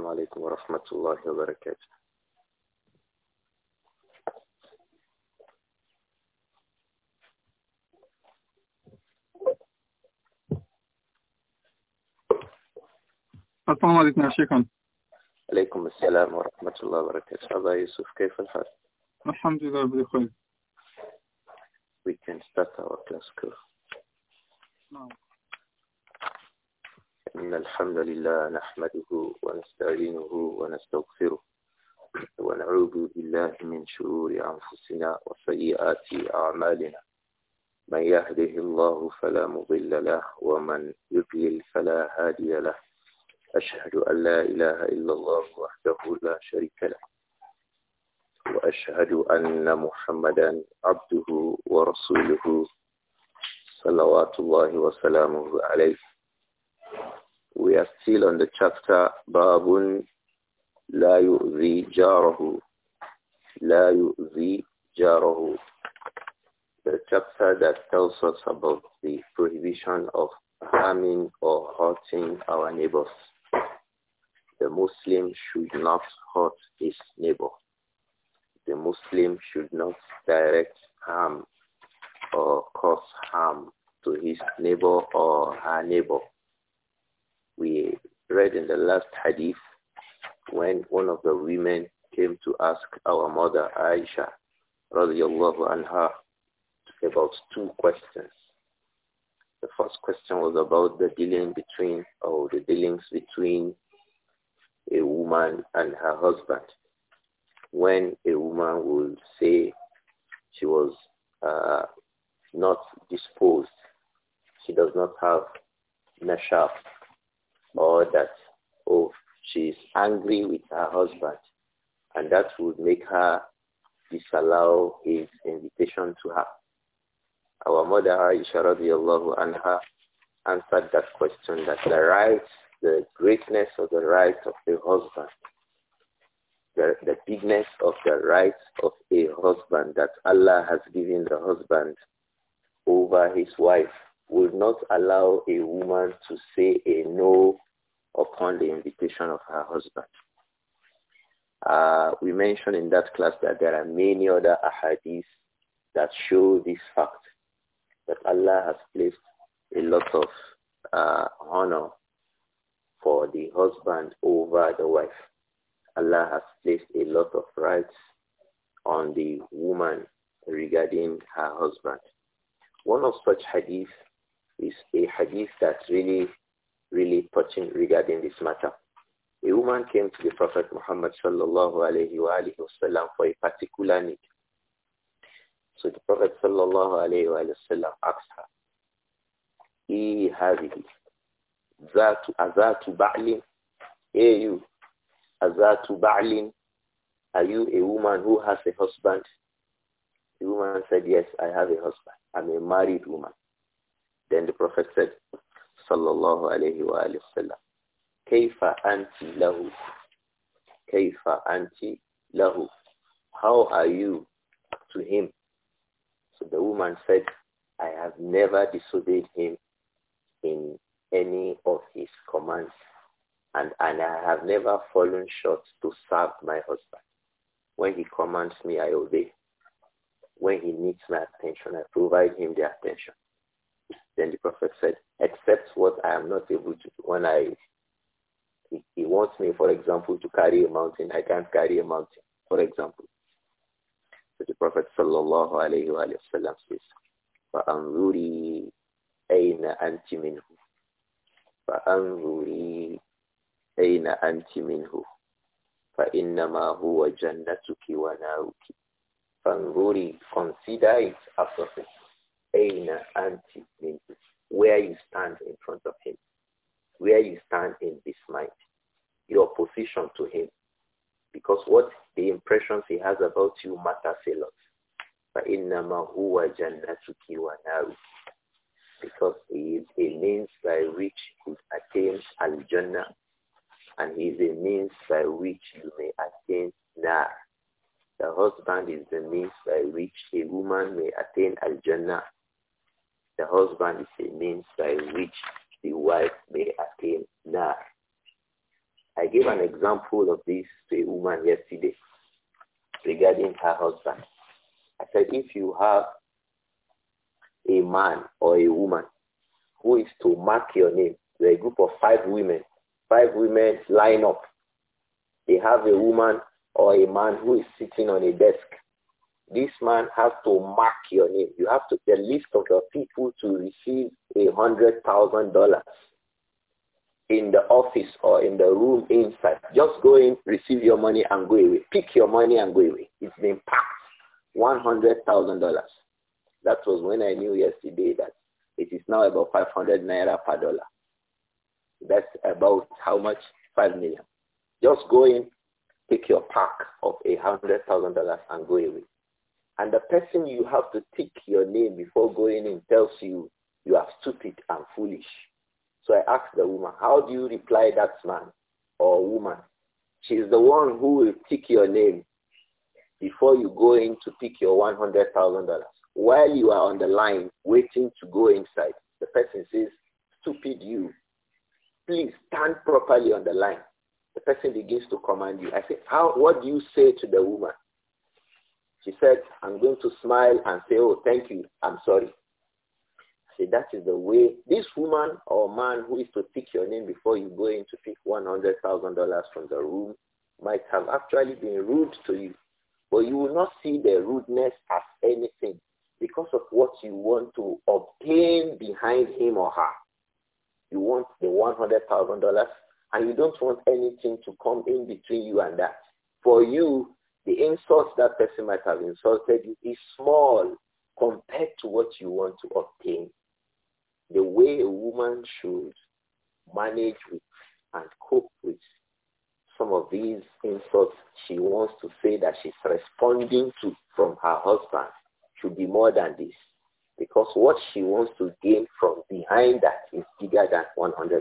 السلام عليكم ورحمة الله وبركاته السلام عليكم يا شيخنا عليكم السلام ورحمة الله وبركاته أبا يوسف كيف الحال؟ الحمد لله بخير We can start our class now. إن الحمد لله نحمده ونستعينه ونستغفره ونعوذ بالله من شرور أنفسنا وسيئات أعمالنا من يهده الله فلا مضل له ومن يضلل فلا هادي له أشهد أن لا إله إلا الله وحده لا شريك له وأشهد أن محمدا عبده ورسوله صلوات الله وسلامه عليه We are still on the chapter Babun La Yu'zi Jarahu. La Yu'zi Jarahu. The chapter that tells us about the prohibition of harming or hurting our neighbors. The Muslim should not hurt his neighbor. The Muslim should not direct harm or cause harm to his neighbor or her neighbor. We read in the last hadith when one of the women came to ask our mother Aisha radiallahu anha about two questions. The first question was about the dealing between or the dealings between a woman and her husband. When a woman would say she was uh, not disposed, she does not have nashaf, or that, oh, she's angry with her husband and that would make her disallow his invitation to her. Our mother Aisha radiallahu anha answered that question that the right, the greatness of the right of a husband, the, the bigness of the right of a husband that Allah has given the husband over his wife would not allow a woman to say a no upon the invitation of her husband. Uh, we mentioned in that class that there are many other ahadith that show this fact that Allah has placed a lot of uh, honor for the husband over the wife. Allah has placed a lot of rights on the woman regarding her husband. One of such hadiths is a hadith that's really, really touching regarding this matter. A woman came to the Prophet Muhammad sallallahu alayhi wa alayhi wasallam for a particular need. So the Prophet sallallahu alayhi wa sallam asked her, إيه هذه ذات أذات بعل Hey you, أذات بعل Are you a woman who has a husband? The woman said, yes, I have a husband. I'm a married woman. Then the Prophet said, Sallallahu alayhi wa sallam, Kaifa anti lahu. Kaifa anti lahu. How are you to him? So the woman said, I have never disobeyed him in any of his commands and, and I have never fallen short to serve my husband. When he commands me, I obey. When he needs my attention, I provide him the attention. Then the Prophet said, except what I am not able to do. When I, he, he wants me, for example, to carry a mountain. I can't carry a mountain, for example. So the Prophet sallallahu alayhi wa sallam says, فَأَنْظُرِي أَيْنَ أَنْتِ مِنْهُ فَأَنْظُرِي أَيْنَ أَنْتِ مِنْهُ فَإِنَّمَا هُوَ جَنَّتُكِ وَنَارُكِ فَانْظُرِي Consider it after Aina Anti means where you stand in front of him, where you stand in this mind, your position to him. Because what the impressions he has about you matters a lot. فَإِنَّمَا هُوَ جَنَّتُكِ Because he is a means by which he attains al-Jannah and he is a means by which you may attain Nar. The husband is the means by which a woman may attain al-Jannah the husband is a means by which the wife may attain that. I gave an example of this to a woman yesterday regarding her husband. I said, if you have a man or a woman who is to mark your name, there are a group of five women, five women line up. They have a woman or a man who is sitting on a desk this man has to mark your name. You have to the list of your people to receive a hundred thousand dollars in the office or in the room inside. Just go in, receive your money and go away. Pick your money and go away. It's been packed. One hundred thousand dollars. That was when I knew yesterday that it is now about five hundred naira per dollar. That's about how much? Five million. Just go in, pick your pack of a hundred thousand dollars and go away. And the person you have to tick your name before going in tells you you are stupid and foolish. So I asked the woman, how do you reply that man or woman? She is the one who will tick your name before you go in to pick your $100,000. While you are on the line waiting to go inside, the person says, stupid you. Please stand properly on the line. The person begins to command you. I say, how, what do you say to the woman? She said, I'm going to smile and say, oh, thank you. I'm sorry. I said, that is the way. This woman or man who is to pick your name before you go in to pick $100,000 from the room might have actually been rude to you. But you will not see the rudeness as anything because of what you want to obtain behind him or her. You want the $100,000 and you don't want anything to come in between you and that. For you, the insult that person might have insulted you is small compared to what you want to obtain. The way a woman should manage with and cope with some of these insults she wants to say that she's responding to from her husband should be more than this. Because what she wants to gain from behind that is bigger than $100,000.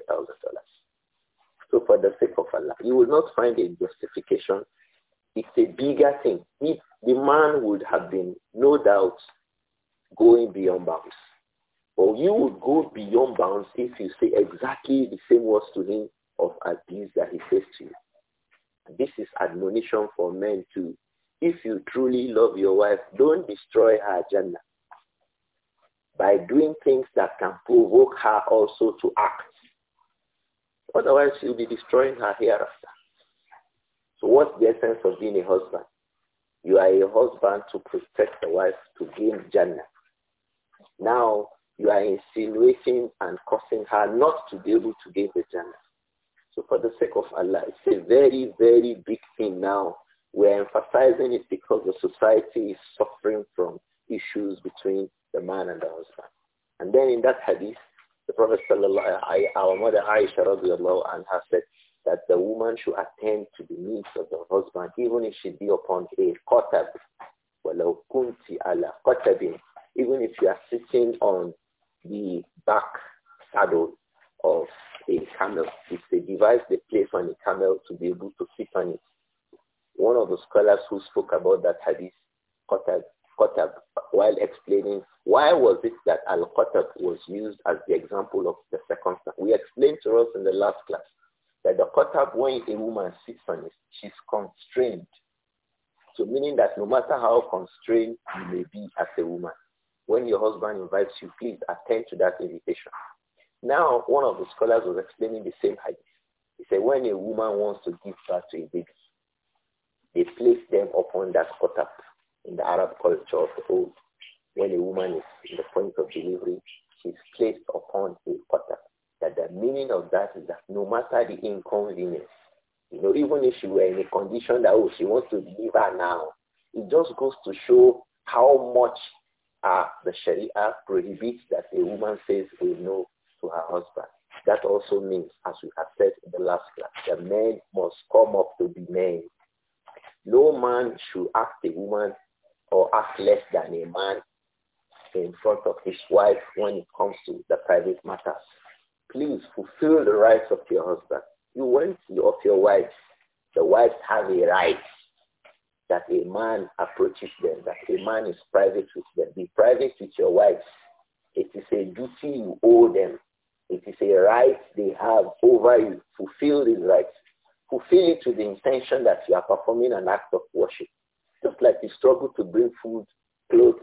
So for the sake of Allah, you will not find a justification it's a bigger thing. If the man would have been, no doubt, going beyond bounds. Or you would go beyond bounds if you say exactly the same words to him of abuse that he says to you. This is admonition for men too. If you truly love your wife, don't destroy her agenda by doing things that can provoke her also to act. Otherwise, you'll be destroying her hereafter. So what's the essence of being a husband? You are a husband to protect the wife to gain Jannah. Now you are insinuating and causing her not to be able to gain the Jannah. So for the sake of Allah, it's a very, very big thing now. We're emphasizing it because the society is suffering from issues between the man and the husband. And then in that hadith, the Prophet sallallahu our mother Aisha radiallahu anha said, that the woman should attend to the needs of the husband, even if she be upon a qatab. Even if you are sitting on the back saddle of a camel, If they device they place on a camel to be able to sit on it. One of the scholars who spoke about that hadith, qatab, qatab, while explaining why was it that al-qatab was used as the example of the circumstance. We explained to us in the last class that the qatab, when a woman sits on it, she's constrained. So meaning that no matter how constrained you may be as a woman, when your husband invites you, please attend to that invitation. Now, one of the scholars was explaining the same hadith. He said, when a woman wants to give birth to a baby, they place them upon that qatab in the Arab culture of the old. When a woman is in the point of delivery, she's placed upon a qatab that the meaning of that is that no matter the inconvenience, you know, even if she were in a condition that, oh, she wants to her now, it just goes to show how much uh, the Sharia prohibits that a woman says a no to her husband. That also means, as we have said in the last class, the men must come up to be men. No man should ask a woman or ask less than a man in front of his wife when it comes to the private matters please fulfill the rights of your husband. You want of your wife. The wives have a right that a man approaches them, that a man is private with them. Be private with your wives. It is a duty you owe them. It is a right they have over you. Fulfill these rights. Fulfill it with the intention that you are performing an act of worship. Just like you struggle to bring food, clothes,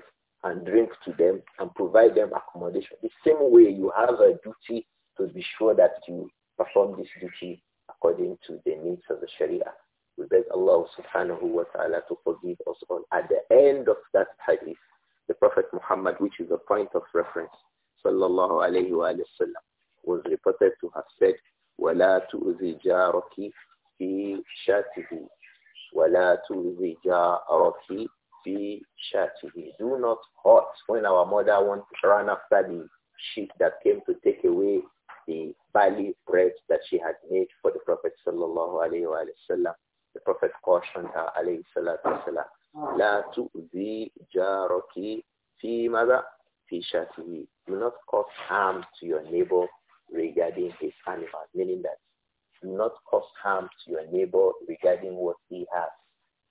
and drink to them and provide them accommodation. The same way you have a duty to be sure that you perform this duty according to the needs of the Sharia. We beg Allah subhanahu wa ta'ala to forgive us all. At the end of that hadith, the Prophet Muhammad, which is a point of reference, sallallahu alayhi wa sallam, was reported to have said, وَلَا تُؤْذِ جَارَكِ فِي شَاتِهِ وَلَا تُؤْذِ جَارَكِ فِي شَاتِهِ Do not hurt when our mother wants to run after the sheep that came to take away the barley bread that she had made for the Prophet sallallahu alayhi wa The Prophet cautioned her alayhi salatu La fi mada fi shatihi. Do not cause harm to your neighbor regarding his animal, meaning that do not cause harm to your neighbor regarding what he has.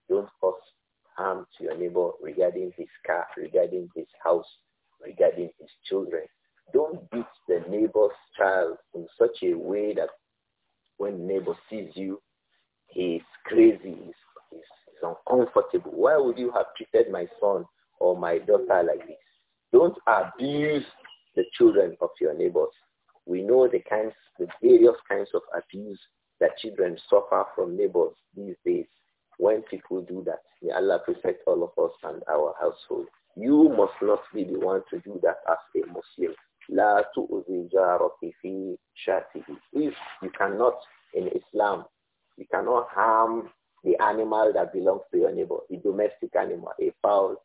Don't cause harm to your neighbor regarding his car, regarding his house, regarding his children, don't beat the neighbor's child in such a way that when neighbor sees you, he's crazy, he's, he's, he's uncomfortable. Why would you have treated my son or my daughter like this? Don't abuse the children of your neighbors. We know the kinds, the various kinds of abuse that children suffer from neighbors these days. When people do that, may Allah protect all of us and our household. You must not be the one to do that as a Muslim. La tu'zi jarati fi shatihi. If you cannot, in Islam, you cannot harm the animal that belongs to your neighbor, A domestic animal, a fowl,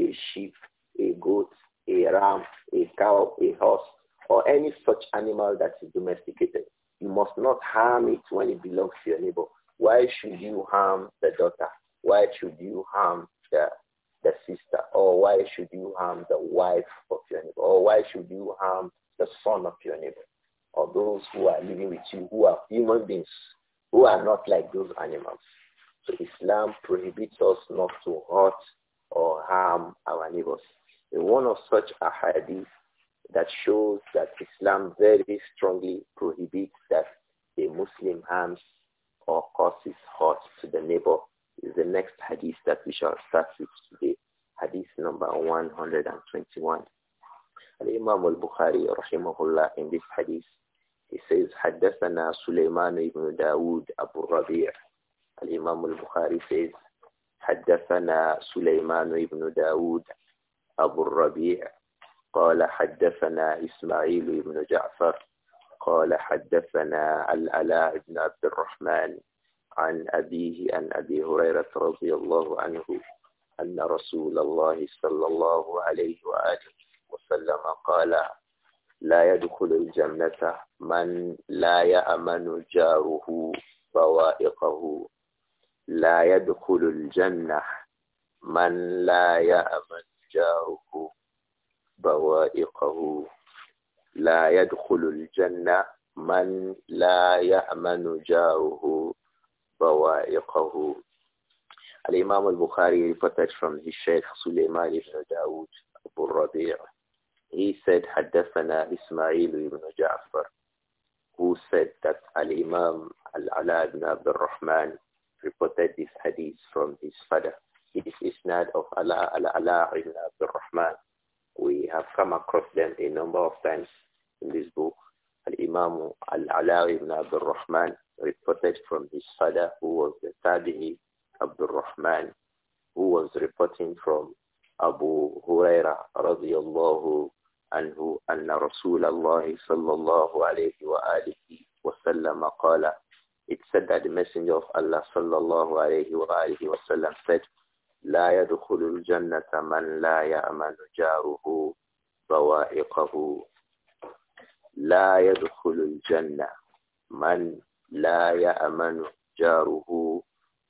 a sheep, a goat, a ram, a cow, a horse, or any such animal that is domesticated. You must not harm it when it belongs to your neighbor. Why should you harm the daughter? Why should you harm the the sister? Or why should you harm the wife of your neighbor? Or why should you harm the son of your neighbor? Or those who are living with you, who are human beings, who are not like those animals. So Islam prohibits us not to hurt or harm our neighbors. And one of such a hadith that shows that Islam very strongly prohibits that a Muslim harms or causes hurt to the neighbor is the next hadith that we shall start with today. Hadith number 121. Al-Imam al-Bukhari rahimahullah in this hadith, he says, حدثنا سليمان ibn داود أبو الربيع. Al-Imam al-Bukhari says, حدثنا سليمان ibn داود أبو الربيع قال حدثنا إسماعيل بن جعفر قال حدثنا العلاء بن عبد الرحمن عن أبيه عن أبي هريرة رضي الله عنه أن رسول الله صلى الله عليه وآله وسلم قال لا يدخل الجنة من لا يأمن جاره بوائقه لا يدخل الجنة من لا يأمن جاره بوائقه لا يدخل الجنة من لا يأمن جاره بوائقه الإمام البخاري reported from his Sheikh سليمان بن داود أبو الربيع he said حدثنا إسماعيل بن جعفر who said that Al-Imam Al-Ala ibn Abdul Rahman reported this hadith from his father. This is not of Ala Al-Ala ibn Abdul Rahman. We have come across them a number of times in this book. Al-Imam Al-Alawi ibn Abdul Rahman reported from his father who was the Tabi'i Abdul Rahman who was reporting from Abu Huraira radiyallahu anhu anna Rasulullah sallallahu alayhi wa alihi wa sallam qala it said that the messenger of Allah sallallahu alayhi wa alihi wa sallam said لا يدخل الجنة من لا يأمن جاره بوائقه لا يدخل الجنة من لا يأمن جاره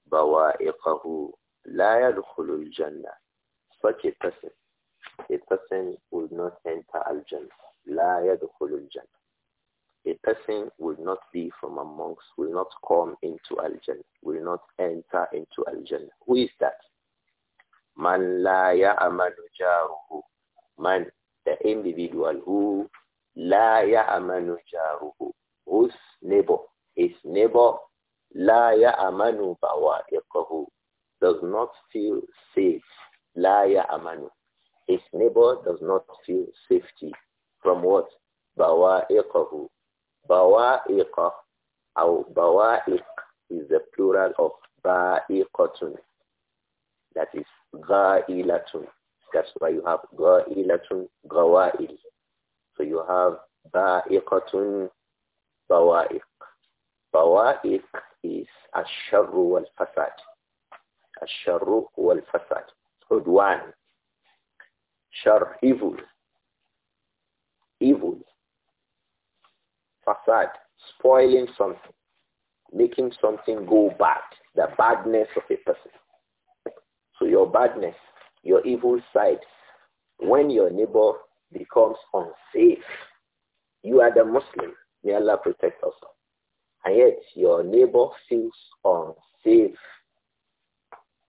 بوائقه لا يدخل الجنة such a person a person will not enter al-jannah لا يدخل الجنة a person will not be from amongst, will not come into Al-Jannah, will not enter into Al-Jannah. Who is that? Man لا ya'amanu جاره. the individual who La ya'amanu jaruhu. Whose neighbor? His neighbor. La ya'amanu bawa'iqahu. Does not feel safe. La amanu. His neighbor does not feel safety. From what? Bawa Bawa'iqa. Our bawa'iq is the plural of ba'iqatun. That is ga ga'ilatun. That's why you have ga ga'ilatun, gawa'il. So you have ba'iqatun bawa'iq. Bawa'iq is ash-sharru wal-fasad. Ash-sharru wal-fasad. Udwan. Shar, evil. Evil. Fasad, spoiling something. Making something go bad. The badness of a person. So your badness, your evil side, when your neighbor becomes unsafe. You are the Muslim. May Allah protect us. And yet your neighbor feels unsafe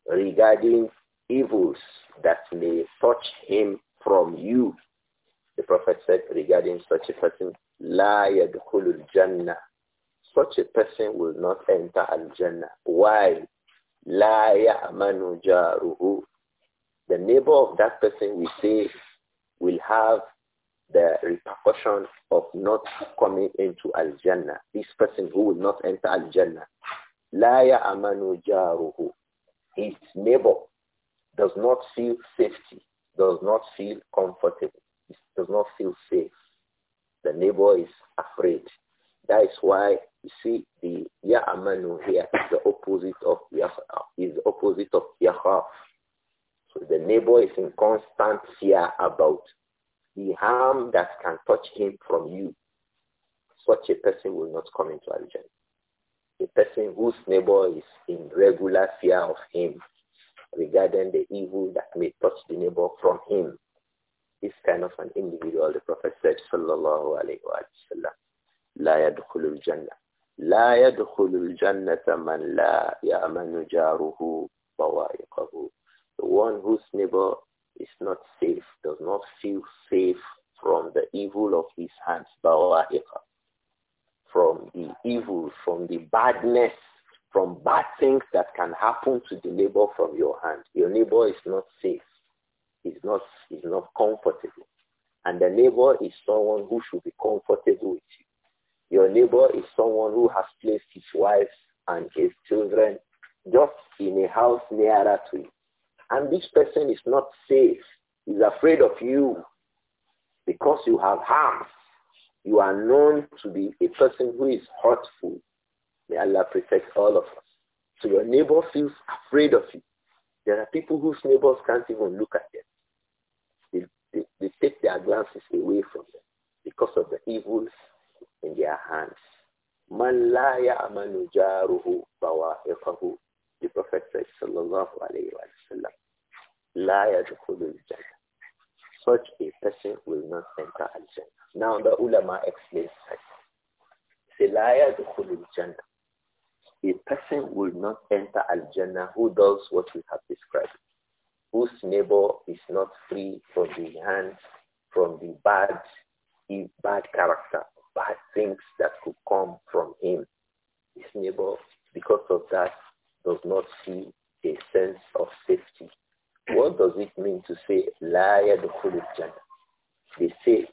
regarding evils that may touch him from you. The Prophet said regarding such a person, La yadkhulul jannah. Such a person will not enter al-jannah. Why? La ya'manu jaruhu. The neighbor of that person will say, will have the repercussion of not coming into Al-Jannah. This person who will not enter Al-Jannah. La ya'amanu jaruhu. His neighbor does not feel safety, does not feel comfortable, does not feel safe. The neighbor is afraid. That is why you see the ya'amanu here is the opposite of is the opposite of yahaf the neighbor is in constant fear about the harm that can touch him from you. Such a person will not come into Al-Jannah. A person whose neighbor is in regular fear of him regarding the evil that may touch the neighbor from him. This kind of an individual, the Prophet said, Sallallahu Alaihi Wasallam, La yadkhulul jannah. La yadkhulul jannata man la ya'manu jaruhu bawa'iqahu one whose neighbor is not safe, does not feel safe from the evil of his hands, from the evil, from the badness, from bad things that can happen to the neighbor from your hand. Your neighbor is not safe. He's not, he's not comfortable. And the neighbor is someone who should be comfortable with you. Your neighbor is someone who has placed his wife and his children just in a house nearer to you. And this person is not safe. Is afraid of you because you have hands. You are known to be a person who is hurtful. May Allah protect all of us. So your neighbor feels afraid of you. There are people whose neighbors can't even look at them. They, they, they take their glances away from them because of the evils in their hands. The Prophet said, Sallallahu Alaihi Wasallam, La jannah. Such a person will not enter al-jannah. Now the ulama explains that. Say, La yadkhulul jannah. A person will not enter al-jannah who does what we have described. Whose neighbor is not free from the hands, from the bad, bad character, bad things that could come from him. His neighbor, because of that, does not see a sense of safety. What does it mean to say la yadkhulul jannah? They say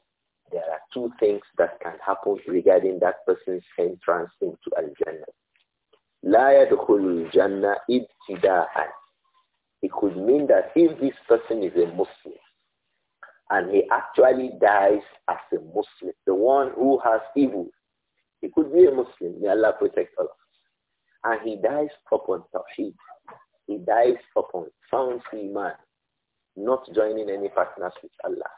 there are two things that can happen regarding that person's entrance into al-jannah. La yadkhulul jannah ibtida'an. It could mean that if this person is a Muslim and he actually dies as a Muslim, the one who has evil, he could be a Muslim. May Allah protect Allah. us. And he dies upon Tawheed. He dies upon sound Iman, not joining any partners with Allah,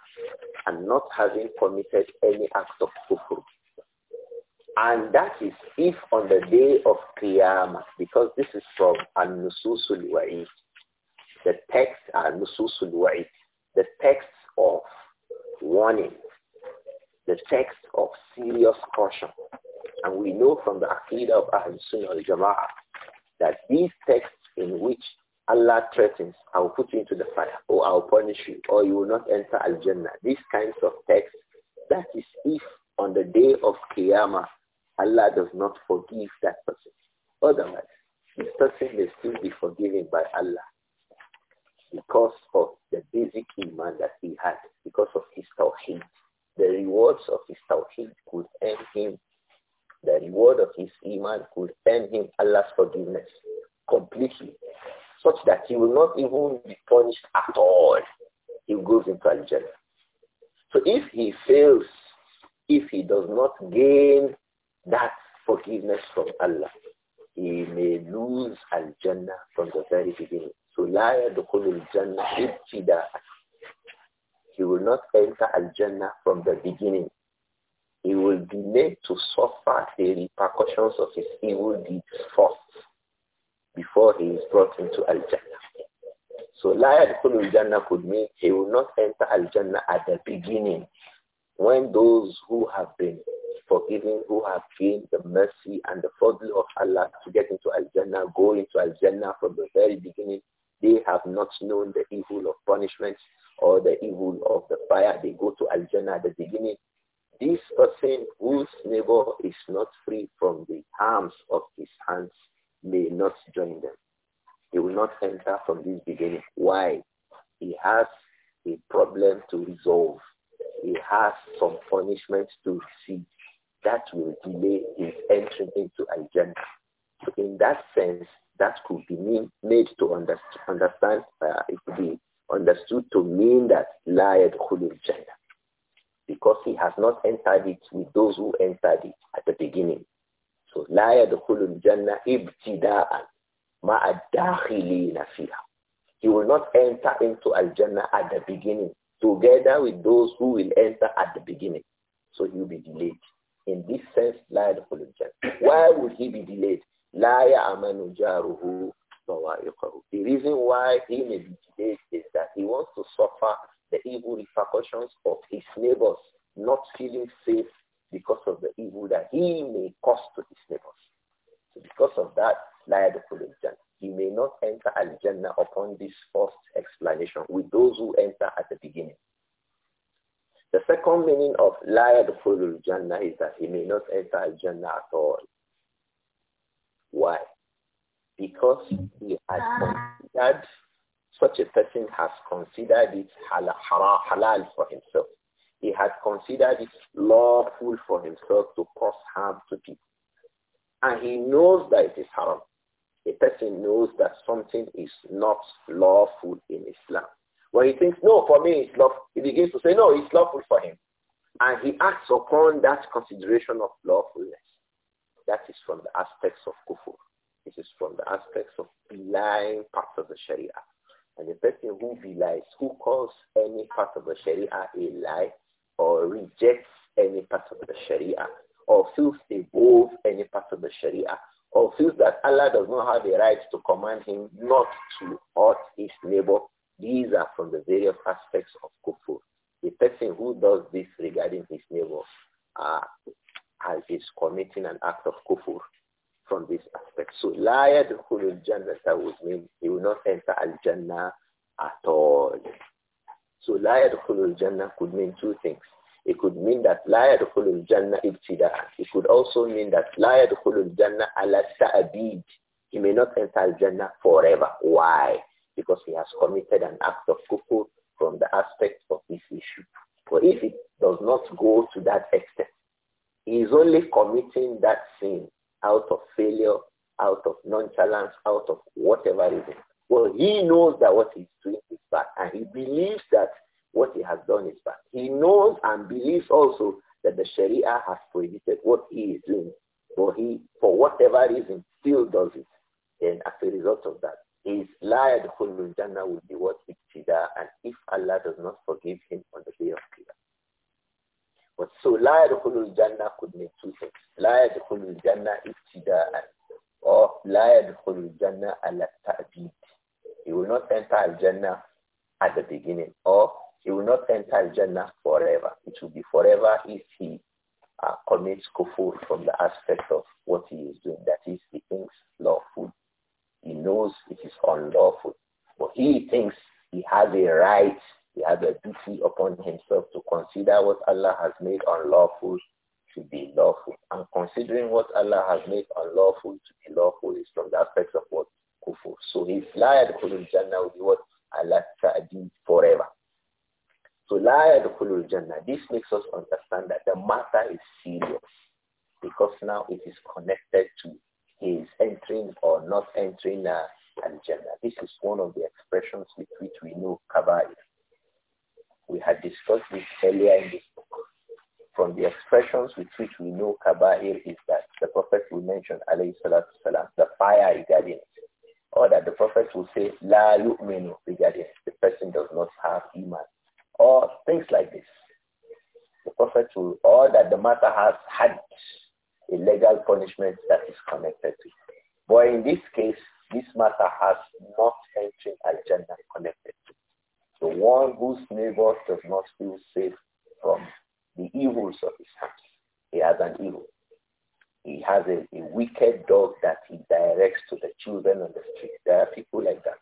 and not having committed any act of kufr. And that is if on the day of Qiyamah, because this is from An-Nususul Wa'id. The text, An-Nususul Wa'id, the text of warning, the text of serious caution, and we know from the Aqidah of Ahl Sunnah al-Jama'ah that these texts in which Allah threatens, I will put you into the fire, or I will punish you, or you will not enter Al-Jannah. These kinds of texts, that is if on the day of Qiyamah, Allah does not forgive that person. Otherwise, this person may still be forgiven by Allah because of the basic iman that he had, because of his tawheed. The rewards of his tawheed could end him the reward of his iman could earn him Allah's forgiveness completely, such that he will not even be punished at all. He goes into Al-Jannah. So if he fails, if he does not gain that forgiveness from Allah, he may lose Al-Jannah from the very beginning. So la al jannah He will not enter Al-Jannah from the beginning he will be made to suffer the repercussions of his evil deeds first before he is brought into Al-Jannah. So La Yadkhul Al-Jannah could mean he will not enter Al-Jannah at the beginning when those who have been forgiven, who have gained the mercy and the fadl of Allah to get into Al-Jannah, go into Al-Jannah from the very beginning, they have not known the evil of punishment or the evil of the fire. They go to Al-Jannah at the beginning this person whose neighbor is not free from the harms of his hands may not join them. He will not enter from this beginning. Why? He has a problem to resolve. He has some punishment to receive. That will delay his entry into agenda. So in that sense, that could be made to understand, uh, it could be understood to mean that la yadkhulul jannah because he has not entered it with those who entered it at the beginning. So لا يدخل الجنة ابتداء مع الداخلين فيها. He will not enter into Al-Jannah at the beginning together with those who will enter at the beginning. So he will be delayed. In this sense, لا يدخل Why would he be delayed? لا يأمن جاره the reason why he may be delayed is that he wants to suffer the evil repercussions of his neighbors not feeling safe because of the evil that he may cause to his neighbors. So because of that, he may not enter Al-Jannah upon this first explanation with those who enter at the beginning. The second meaning of liar the Jannah is that he may not enter Al-Jannah at all. Why? Because he has considered such a person has considered it halal for himself. He has considered it lawful for himself to cause harm to people. And he knows that it is haram. A person knows that something is not lawful in Islam. When he thinks, no, for me it's lawful, he begins to say, no, it's lawful for him. And he acts upon that consideration of lawfulness. That is from the aspects of kufur. This is from the aspects of blind parts of the Sharia. And the person who belies, who calls any part of the Sharia a lie or rejects any part of the Sharia or feels above any part of the Sharia or feels that Allah does not have the right to command him not to hurt his neighbor, these are from the various aspects of kufur. The person who does this regarding his neighbor uh, is committing an act of kufur from this aspect. So la yadkhulul jannata would mean he will not enter al-jannah at all. So la yadkhulul jannah could mean two things. It could mean that la yadkhulul jannah ibtida'an. It could also mean that la yadkhulul jannah ala ta'bid. He may not enter al-jannah forever. Why? Because he has committed an act of kufur from the aspect of this issue. But if it does not go to that extent, he is only committing that sin out of failure, out of nonchalance, out of whatever reason. Well, he knows that what he's doing is bad, and he believes that what he has done is bad. He knows and believes also that the Sharia has prohibited what he is doing, but he, for whatever reason, still does it. And as a result of that, his liar Jannah will be what it is. and if Allah does not forgive him on the day of Qiyamah. But so la yadkhulul jannah could mean two things. La yadkhulul jannah ibtida'an or la yadkhulul jannah ala ta'bid. He will not enter jannah at the beginning or he will not enter jannah forever. It will be forever if he uh, commits kufur from the aspect of what he is doing. That is, he thinks lawful. He knows it is unlawful. But he thinks he has a right he had a duty upon himself to consider what Allah has made unlawful to be lawful. And considering what Allah has made unlawful to be lawful is from the aspects of what? Kufur. So his la yadkhulul jannah will be what? Allah ta'adid forever. So the yadkhulul jannah. This makes us understand that the matter is serious because now it is connected to his entering or not entering uh, al-Jannah. This is one of the expressions with which we know Kaba'ir. We had discussed this earlier in this book. From the expressions with which we know kaba'ir is that the Prophet will mention, alayhi salam, the fire regarding it. Or that the Prophet will say, la yu'minu regarding it. The person does not have iman. Or things like this. The Prophet will, or that the matter has had a legal punishment that is connected to it. But in this case, this matter has not entered Al-Jannah connected the one whose neighbor does not feel safe from the evils of his house. He has an evil. He has a, a wicked dog that he directs to the children on the street. There are people like that.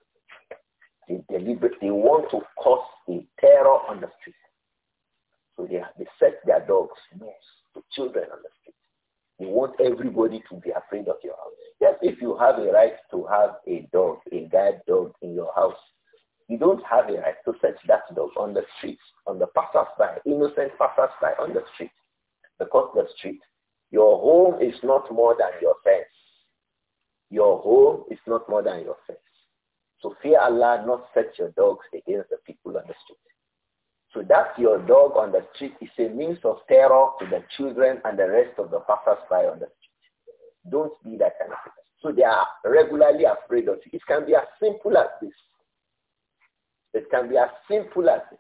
They deliberately want to cause a terror on the street. So they, they set their dogs loose to children on the street. They want everybody to be afraid of your house. Yes, if you have a right to have a dog, a guide dog in your house, you don't have a right to search that dog on the street, on the passersby, innocent passersby on the street, the the street. Your home is not more than your fence. Your home is not more than your fence. So fear Allah, not set your dogs against the people on the street. So that your dog on the street is a means of terror to the children and the rest of the passersby on the street. Don't be that kind of person. So they are regularly afraid of you. It can be as simple as this. It can be as simple as this.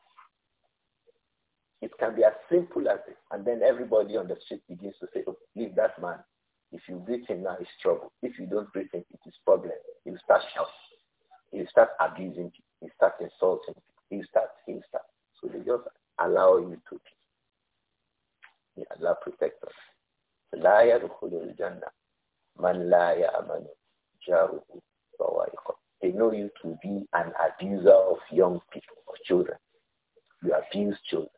It can be as simple as this. And then everybody on the street begins to say, oh, leave that man. If you greet him now, it's trouble. If you don't greet him, it is problem. He'll start shouting. He'll start abusing you He'll start insulting you He'll start, he'll start. So they just allow you to be. May Allah protect us. لا jannah, man la لا يأمن جاره فوائقه they know you to be an abuser of young people, of children. You abuse children.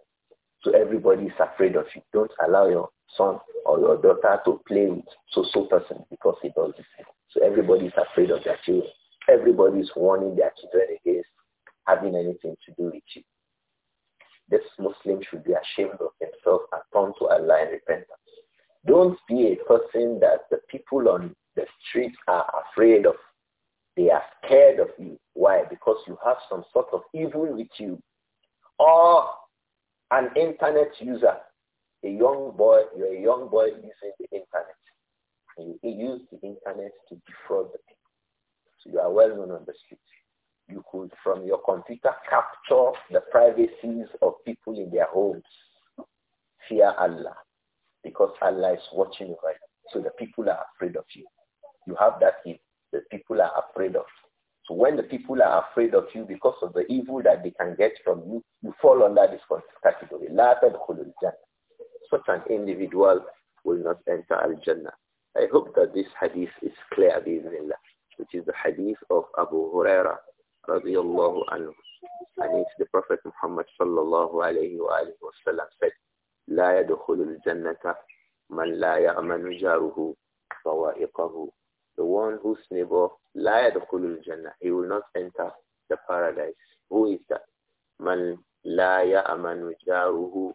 So everybody is afraid of you. Don't allow your son or your daughter to play with so-so person because he does this. So everybody is afraid of their children. Everybody is warning their children against having anything to do with you. This Muslim should be ashamed of himself and turn to Allah in repentance. Don't be a person that the people on the street are afraid of they are scared of you. Why? Because you have some sort of evil with you. Or an internet user, a young boy, you're a young boy using the internet. You use the internet to defraud the people. So you are well known on the street. You could, from your computer, capture the privacies of people in their homes. Fear Allah, because Allah is watching over you. So the people are afraid of you. You have that evil the people are afraid of. So when the people are afraid of you because of the evil that they can get from you, you fall under this category. La tadkhulul jannah. Such an individual will not enter al-jannah. I hope that this hadith is clear, bismillah, which is the hadith of Abu Huraira, radiyallahu anhu. And it's the Prophet Muhammad sallallahu alayhi wa alayhi wa sallam said, لا يدخل الجنة من لا يأمن جاره فوائقه the one whose neighbor lied Jannah, he will not enter the paradise. Who is that? Man la ya'manu jaruhu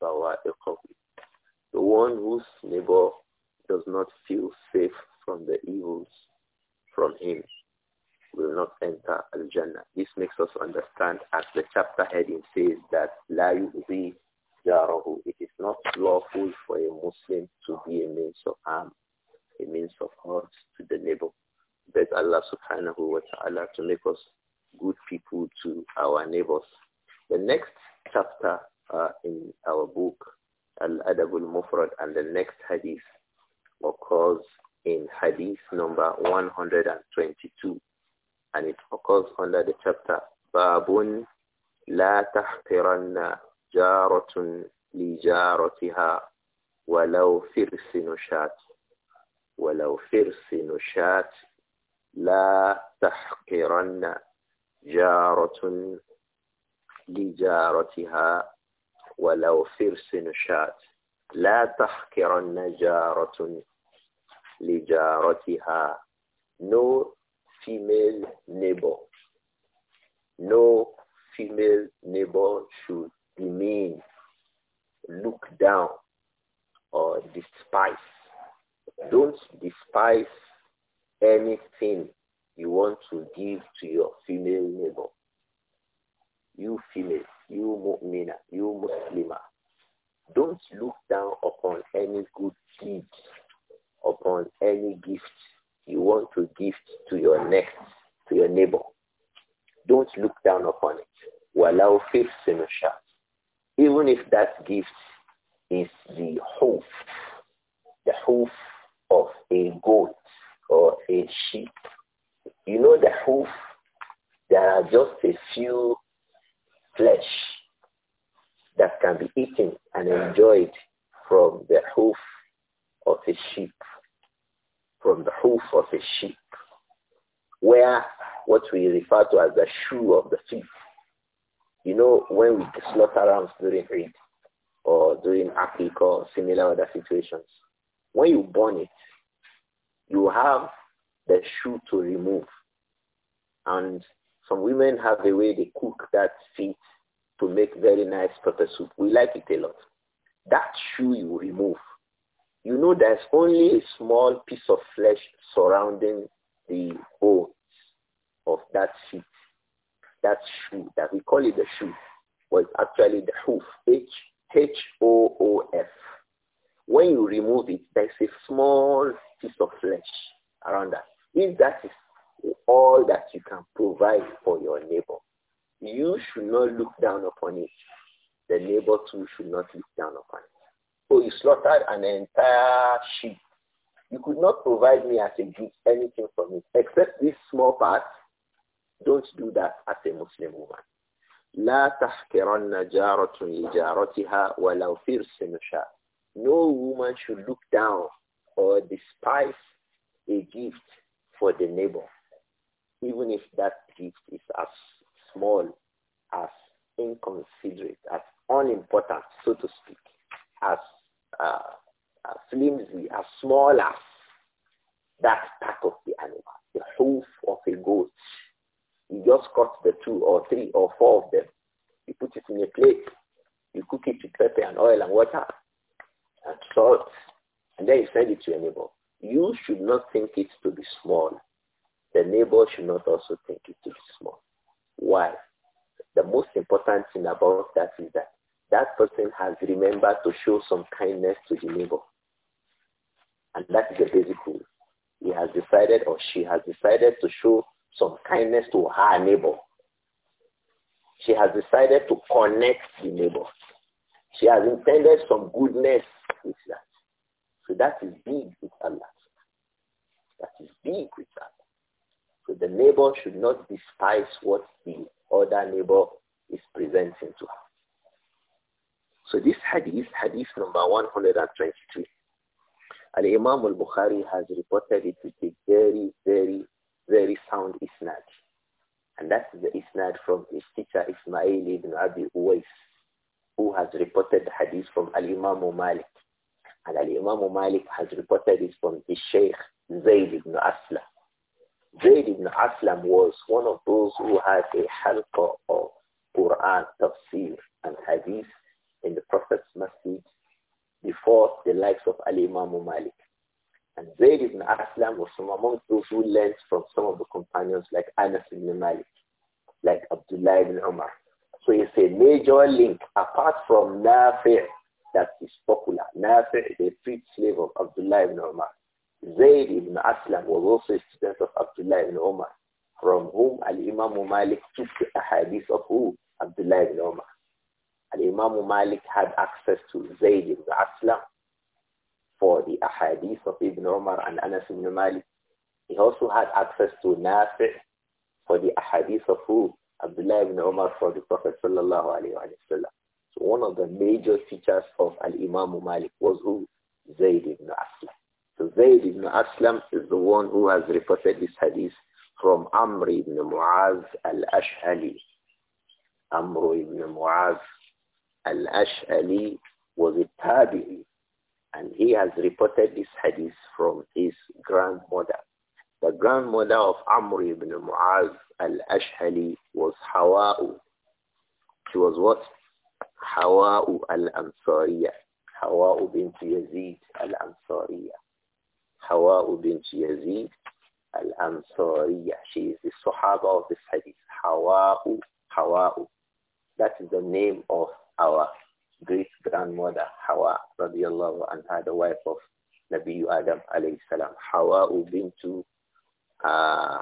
bawa'iqahu. The one whose neighbor does not feel safe from the evils from him will not enter Al-Jannah. This makes us understand as the chapter heading says that La Yuzi Jarahu. It is not lawful for a Muslim to be a means of harm a means of us to the neighbor. Beg Allah subhanahu wa ta'ala to make us good people to our neighbors. The next chapter uh, in our book, Al-Adab al-Mufrad, and the next hadith occurs in hadith number 122. And it occurs under the chapter, Babun لا تحقرن جارة لجارتها ولو فرس شات ولو فرس نشاة لا تحقرن جارة لجارتها ولو فرس نشاة لا تحقرن جارة لجارتها no female neighbor no female neighbor should demean look down or despise Don't despise anything you want to give to your female neighbor. You female, you mu'mina, you muslima. Don't look down upon any good deed, upon any gift you want to give to your next, to your neighbor. Don't look down upon it. Walau sinosha. Even if that gift is the hoof, the hoof of a goat or a sheep, you know the hoof, there are just a few flesh that can be eaten and enjoyed from the hoof of a sheep, from the hoof of a sheep, where what we refer to as the shoe of the feet. You know, when we slaughter rams during Eid or during Africa or similar other situations, when you burn it, you have the shoe to remove. And some women have a way they cook that feet to make very nice pepper soup. We like it a lot. That shoe you remove. You know there's only a small piece of flesh surrounding the bones of that feet. That shoe that we call it the shoe was actually the hoof. H H O O F when you remove it, there's a small piece of flesh around that. If that is all that you can provide for your neighbor, you should not look down upon it. The neighbor too should not look down upon it. So you slaughtered an entire sheep. You could not provide me as a gift anything from it except this small part. Don't do that as a Muslim woman. لا تحقرن جارة لجارتها ولو في رسم no woman should look down or despise a gift for the neighbor, even if that gift is as small, as inconsiderate, as unimportant, so to speak, as, uh, as flimsy, as small as that part of the animal, the hoof of a goat. You just cut the two or three or four of them. You put it in a plate. You cook it with pepper and oil and water and salt, and then you send it to your neighbor. You should not think it to be small. The neighbor should not also think it to be small. Why? The most important thing about that is that that person has remembered to show some kindness to the neighbor. And that is the basic rule. He has decided or she has decided to show some kindness to her neighbor. She has decided to connect the neighbor. She has intended some goodness with that. So that is big with Allah. That is big with Allah. So the neighbor should not despise what the other neighbor is presenting to her. So this hadith, hadith number 123, Al-Imam al-Bukhari has reported it with a very, very, very sound isnad. And that's the isnad from his teacher Ismail ibn Abi Uwais, who has reported the hadith from Al-Imam Malik. And Al-Imam Malik has reported this from his Sheikh Zayd ibn Aslam. Zayd ibn Aslam was one of those who had a halqa of Quran, tafsir, and hadith in the Prophet's Mosque before the likes of Al-Imam Malik. And Zayd ibn Aslam was from among those who learned from some of the companions like Anas ibn Malik, like Abdullah ibn Umar. So it's a major link apart from Nafi' that is popular. Nafi, the freed slave of Abdullah ibn Umar. Zayd ibn Aslam was also a student of Abdullah ibn Umar, from whom Al-Imam Malik took the hadith of who? Abdullah ibn Umar. Al-Imam Malik had access to Zayd ibn Aslam for the ahadith of Ibn Umar and Anas ibn Malik. He also had access to Nafi for the ahadith of who? Abdullah ibn Umar for the Prophet sallallahu alayhi wa sallam one of the major teachers of Al-Imam Malik was who? Zayd ibn Aslam. So Zayd ibn Aslam is the one who has reported this hadith from Amr ibn Muaz al-Ash'ali. Amr ibn Muaz al-Ash'ali was a tabi'i and he has reported this hadith from his grandmother. The grandmother of Amr ibn Muaz al-Ash'ali was Hawa'u. She was what? Hawa'u al-Ansariya. Hawa'u bint Yazid al-Ansariya. Hawa'u bint Yazid al-Ansariya. She is the Sahaba of this hadith. Hawa'u, Hawa'u. That is the name of our great-grandmother Hawa radiallahu anha, the wife of Nabi Adam alayhi salam. Hawa'u bintu uh,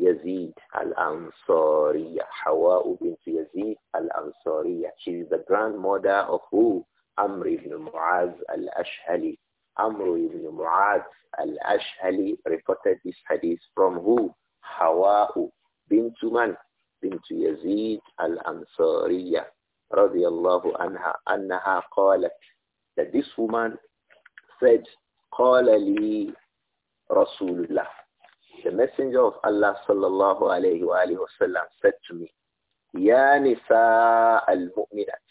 Yazid al-Ansariya, Hawa bint Yazid al-Ansariya. She is the grandmother of who? Amr ibn Mu'az al-Ash'ali. Amr ibn Mu'az al-Ash'ali reported this hadith from who? Hawa bint Man, bint Yazid al-Ansariya, radiyallahu anha, annaha qalat. That this woman said, قال لي رسول الله The messenger of Allah sallallahu alayhi wa alayhi wa sallam said to me, Ya nisa al-mu'minat,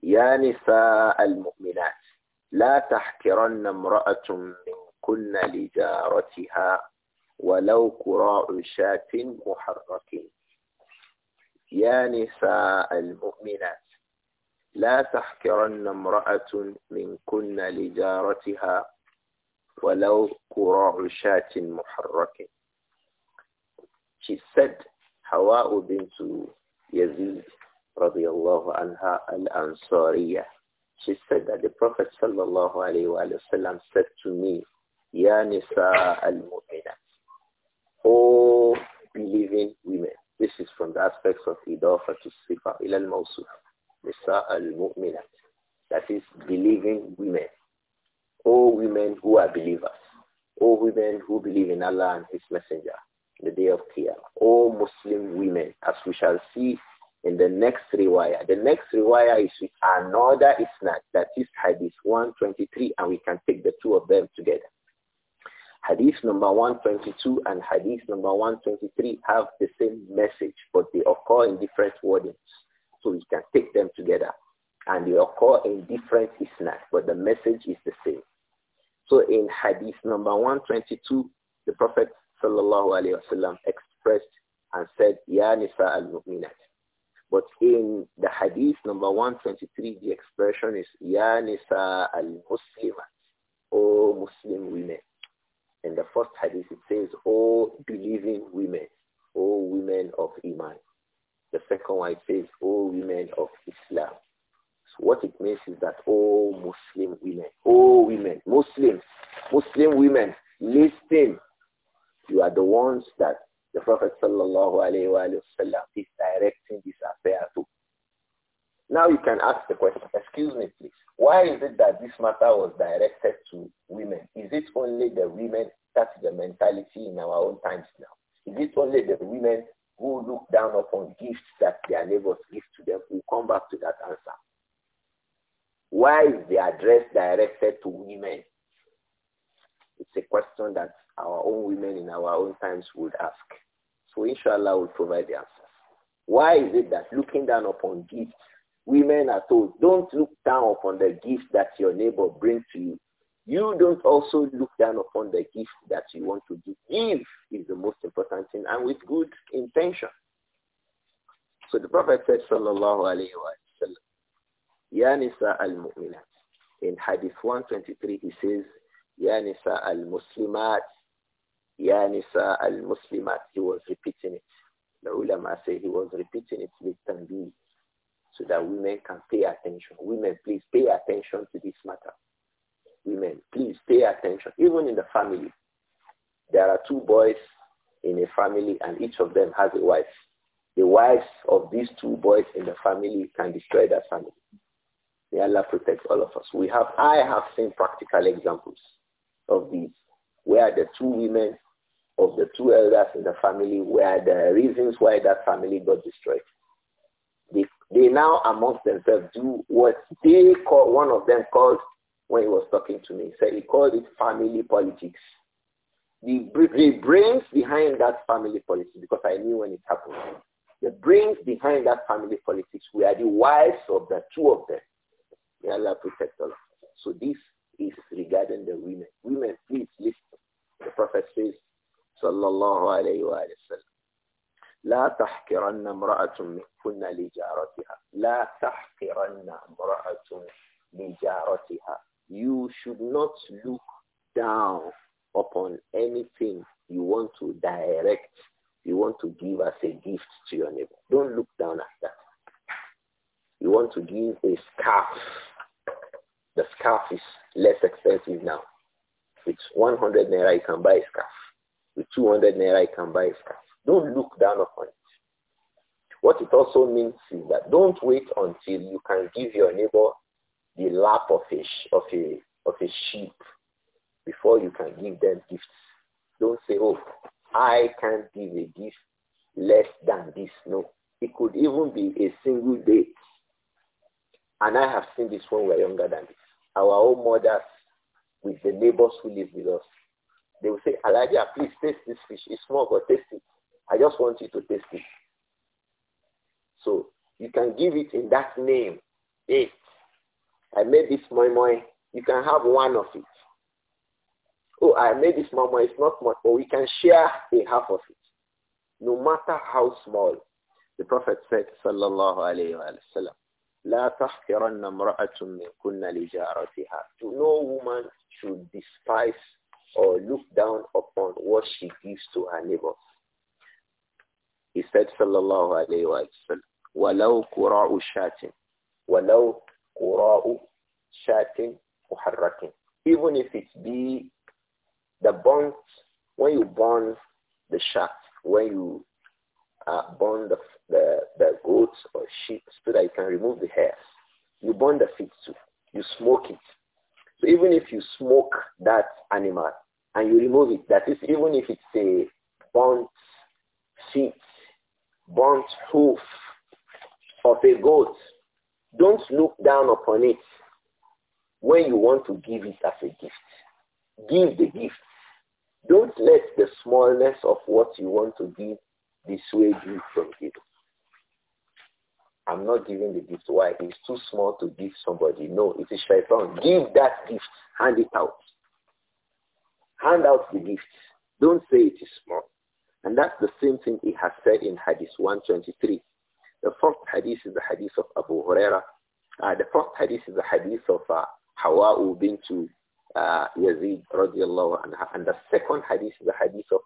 Ya nisa al-mu'minat, la لا تحكرن امرأة منكن لجارتها ولو كراع شاة محرك يا نساء المؤمنات لا تحكرن امرأة منكن لجارتها ولو كراع شاة محرك She said حواء بنت يزيد رضي الله عنها الأنصارية She said that the Prophet صلى الله عليه وآله وسلم said to me يا نساء المؤمنات Oh believing women This is from the aspects of إضافة الصفة إلى الموصوف نساء المؤمنات That is believing women All women who are believers, all women who believe in Allah and His Messenger, the day of Qiyamah, All Muslim women, as we shall see in the next riwayah. The next riwayah is with another isnad, that is Hadith 123, and we can take the two of them together. Hadith number 122 and Hadith number 123 have the same message, but they occur in different wordings. So we can take them together. And they occur in different isnad, but the message is the same. So in hadith number 122, the Prophet wasallam expressed and said, Ya Nisa al-Mu'minat. But in the hadith number 123, the expression is Ya Nisa al-Muslimat, O Muslim women. In the first hadith, it says, O believing women, O women of Iman. The second one, it says, O women of Islam what it means is that all Muslim women, all women, Muslims, Muslim women, listen. You are the ones that the Prophet sallallahu alayhi wasallam is directing this affair to. Now you can ask the question, excuse me please, why is it that this matter was directed to women? Is it only the women, that's the mentality in our own times now. Is it only the women who look down upon gifts that their neighbors give to them? We'll come back to that answer. Why is the address directed to women? It's a question that our own women in our own times would ask. So inshallah will provide the answers. Why is it that looking down upon gifts, women are told, don't look down upon the gift that your neighbor brings to you. You don't also look down upon the gift that you want to give. Give is the most important thing and with good intention. So the Prophet said, sallallahu alayhi wa Ya Nisa al-Mu'minat. In Hadith 123, he says, Ya Nisa al-Muslimat, Ya Nisa al-Muslimat. He was repeating it. The ulama say he was repeating it with tanbih so that women can pay attention. Women, please pay attention to this matter. Women, please pay attention. Even in the family, there are two boys in a family and each of them has a wife. The wives of these two boys in the family can destroy that family. May Allah protect all of us. We have, I have seen practical examples of these, where the two women of the two elders in the family were the reasons why that family got destroyed. They, they now amongst themselves do what they call, one of them called when he was talking to me, so he called it family politics. The, the brains behind that family politics, because I knew when it happened, the brains behind that family politics were the wives of the two of them. May Allah protect us. So this is regarding the women. Women, please listen. The Prophet says, Sallallahu alayhi wa sallam, لا تحقرن امرأة منكن لجارتها. لا تحقرن امرأة لجارتها. You should not look down upon anything you want to direct, you want to give as a gift to your neighbor. Don't look down at that. You want to give a scarf. The scarf is less expensive now. With 100 naira, you can buy a scarf. With 200 naira, you can buy a scarf. Don't look down upon it. What it also means is that don't wait until you can give your neighbor the lap of a, of a, of a sheep before you can give them gifts. Don't say, oh, I can't give a gift less than this. No. It could even be a single date. And I have seen this when we were younger than this. Our own mothers with the neighbors who live with us, they will say, Alaja, please taste this fish. It's small, but taste it. I just want you to taste it. So you can give it in that name. It. I made this moi moi. You can have one of it. Oh, I made this moi moi. It's not much, but we can share a half of it. No matter how small. The Prophet said, Sallallahu Alaihi Wasallam, لا تحقرن امرأة من كن لجارتها. No woman should despise or look down upon what she gives to her neighbor. He said, sallallahu alayhi wa sallam, وَلَوْ قُرَاءُ شَاتٍ وَلَوْ قُرَاءُ شَاتٍ مُحَرَّكٍ Even if it be the bond, when you burn the shaft, when you uh, burn the the, the goats or sheep so that you can remove the hairs. You burn the feet too. You smoke it. So even if you smoke that animal and you remove it, that is even if it's a burnt feet, burnt hoof of a goat, don't look down upon it when you want to give it as a gift. Give the gift. Don't let the smallness of what you want to give dissuade you from giving. I'm not giving the gift. Why? It's too small to give somebody. No, it is shaitan. Give that gift. Hand it out. Hand out the gift. Don't say it is small. And that's the same thing he has said in Hadith 123. The first Hadith is the Hadith of Abu Huraira. Uh, the first Hadith is the Hadith of uh, Hawa'u to uh, Yazid radiallahu anha. And the second Hadith is the Hadith of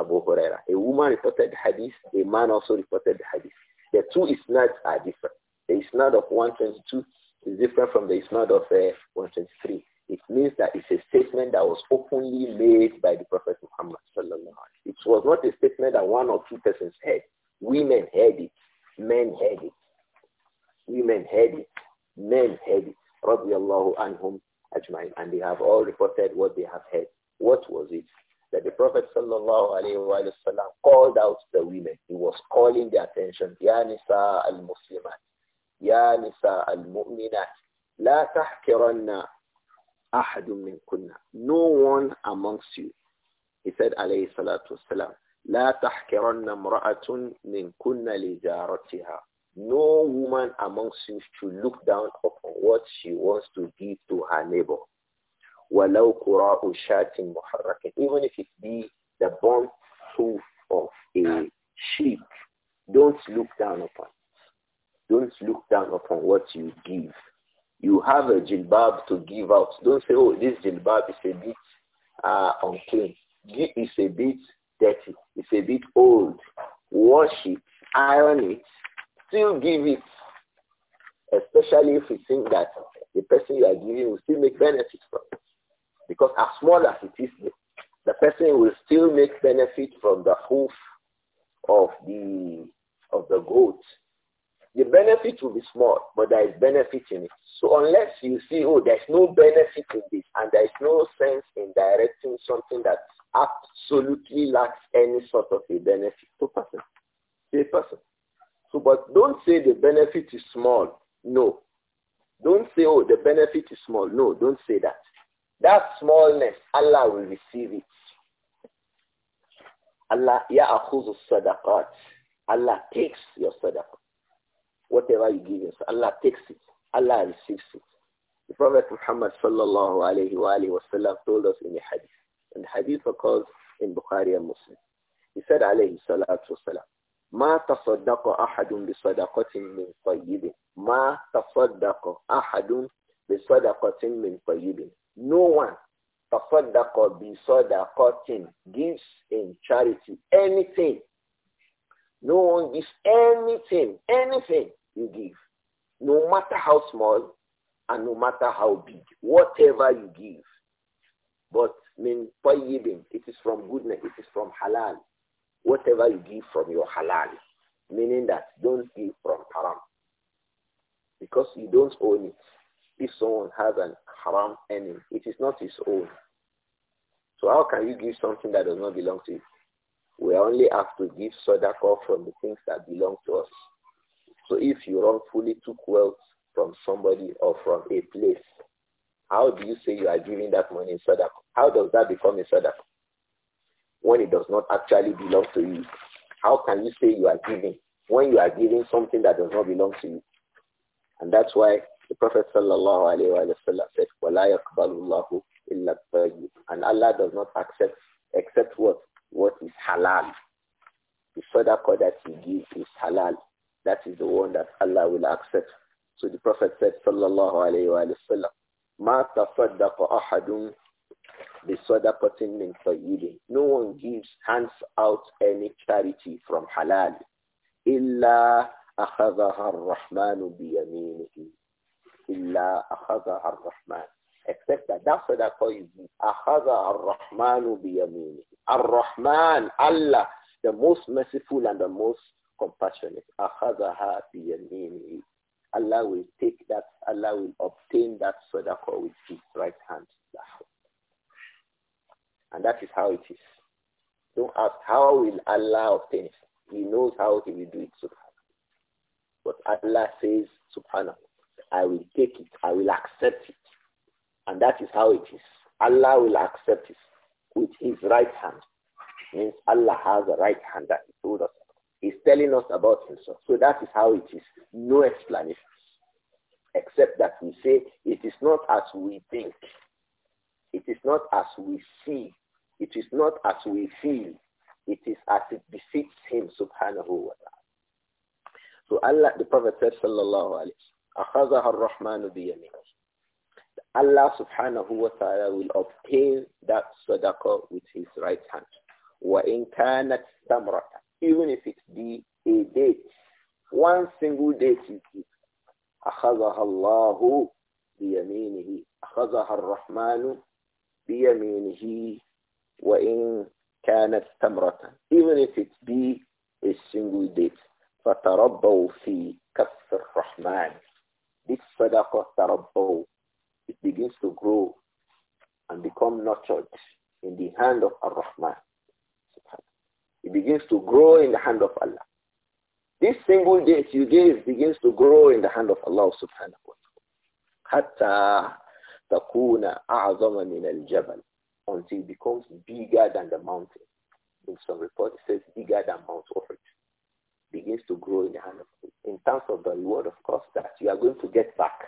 Abu Huraira. A woman reported Hadith, a man also reported Hadith. The two isnads are different. The isnad of 122 is different from the isnad of uh, 123. It means that it's a statement that was openly made by the Prophet Muhammad It was not a statement that one or two persons heard. Women heard it. Men heard it. Women heard it. Men heard it. Radiallahu anhum ajma'in. And they have all reported what they have heard. What was it? that the Prophet sallallahu called out the women. He was calling their attention. Ya nisa al-muslimat. Ya nisa al-mu'minat. La tahkiranna ahadun min kunna. No one amongst you. He said alayhi salatu wasalam. La tahkiranna mra'atun min kunna li jaratiha. No woman amongst you should look down upon what she wants to give to her neighbor. Even if it be the bump hoof of a sheep, don't look down upon. Don't look down upon what you give. You have a jilbab to give out. Don't say, oh, this jilbab is a bit uh, unclean. It's a bit dirty. It's a bit old. Wash it, iron it, still give it. Especially if you think that the person you are giving will still make benefit from it. Because as small as it is, the person will still make benefit from the hoof of the of the goat. The benefit will be small, but there is benefit in it. So unless you see, oh, there's no benefit in this, and there's no sense in directing something that absolutely lacks any sort of a benefit to person, to a person. So, but don't say the benefit is small. No. Don't say, oh, the benefit is small. No, don't say that. That smallness, Allah will receive it. Allah ya'akhuzu sadaqat. Allah takes your sadaqah. Whatever you give, us. Allah takes it. Allah receives it. The Prophet Muhammad sallallahu alayhi wa alayhi wa told us in the hadith. And the hadith occurs in Bukhari and Muslim. He said alayhi salatu wasalam, ما تصدق أحد بصدقة من طيب ما تصدق أحد بصدقة من طيب no one that be تصدق بصدقة gives in charity anything. No one gives anything, anything you give, no matter how small and no matter how big, whatever you give. But by giving, it is from goodness, it is from halal. Whatever you give from your halal, meaning that don't give from haram because you don't own it. If someone has an haram earning, it is not his own. So how can you give something that does not belong to you? We are only asked to give sadaqah from the things that belong to us. So if you wrongfully took wealth from somebody or from a place, how do you say you are giving that money in sadaqah? How does that become a sadaqah? When it does not actually belong to you, how can you say you are giving when you are giving something that does not belong to you? And that's why the Prophet sallallahu alayhi wa sallam said, وَلَا يَقْبَلُ اللَّهُ And Allah does not accept except what? What is halal. The sadaqah that he gives is halal. That is the one that Allah will accept. So the Prophet said, sallallahu alayhi wa sallam, مَا تَصَدَّقَ أَحَدٌ بِصَدَقَةٍ مِّن طَيِّبٍ No one gives, hands out any charity from halal. إِلَّا أَخَذَهَا Rahmanu بِيَمِينِهِ إِلَّا أَخَذَهَا الرَّحْمَنُ Except that that sadaqah rahman أَخَذَهَا الرَّحْمَنُ بِيَمِينِهِ الرحمن Allah, the most merciful and the most compassionate. أَخَذَهَا بِيَمِينِهِ Allah will take that, Allah will obtain that sadaqah with his right hand. And that is how it is. Don't ask how will Allah obtain it. He knows how he will do it. Subhanahu. But Allah says, subhanahu I will take it. I will accept it. And that is how it is. Allah will accept it with his right hand. means Allah has a right hand that he told us. He's telling us about himself. So that is how it is. No explanations. Except that we say it is not as we think. It is not as we see. It is not as we feel. It is as it befits him subhanahu wa ta'ala. So Allah, the Prophet said, sallallahu alayhi أخذها الرحمن بيمينه Allah subhanahu wa ta'ala will obtain that sadaqah with his right hand. وَإِنْ كَانَتْ ثَمْرَةً Even if it be a date, one single date you keep. أَخَذَهَا اللَّهُ بِيَمِينِهِ أَخَذَهَا الرَّحْمَنُ بِيَمِينِهِ وَإِنْ كَانَتْ ثَمْرَةً Even if it be a single date, فَتَرَبَّوْا فِي كَفِّ الرَّحْمَنِ this sadaqah tarabbaw, it begins to grow and become nurtured in the hand of Ar-Rahman. It begins to grow in the hand of Allah. This single date you gave begins to grow in the hand of Allah subhanahu wa ta'ala. Hatta takuna a'zama min al-jabal. Until it becomes bigger than the mountain. In some reports it says bigger than Mount Uhud begins to grow in the hand of In terms of the reward, of course, that you are going to get back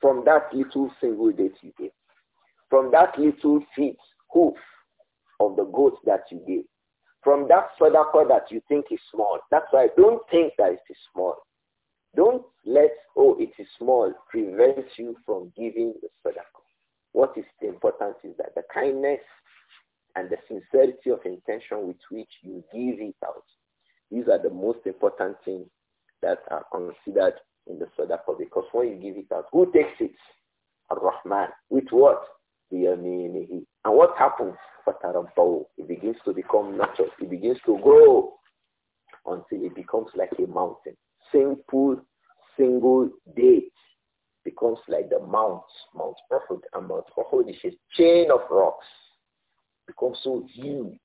from that little single date you gave, from that little feet, hoof of the goat that you gave, from that sadaqah that you think is small. That's why don't think that it is small. Don't let, oh, it is small, prevent you from giving the sadaqah. What is important is that the kindness and the sincerity of intention with which you give it out these are the most important things that are considered in the sadaqah because when you give it out, who takes it? Ar-Rahman. With what? And what happens? It begins to become natural. It begins to grow until it becomes like a mountain. Simple, single date becomes like the mount, Mount Prophet and Mount Uhud is a chain of rocks. Becomes so huge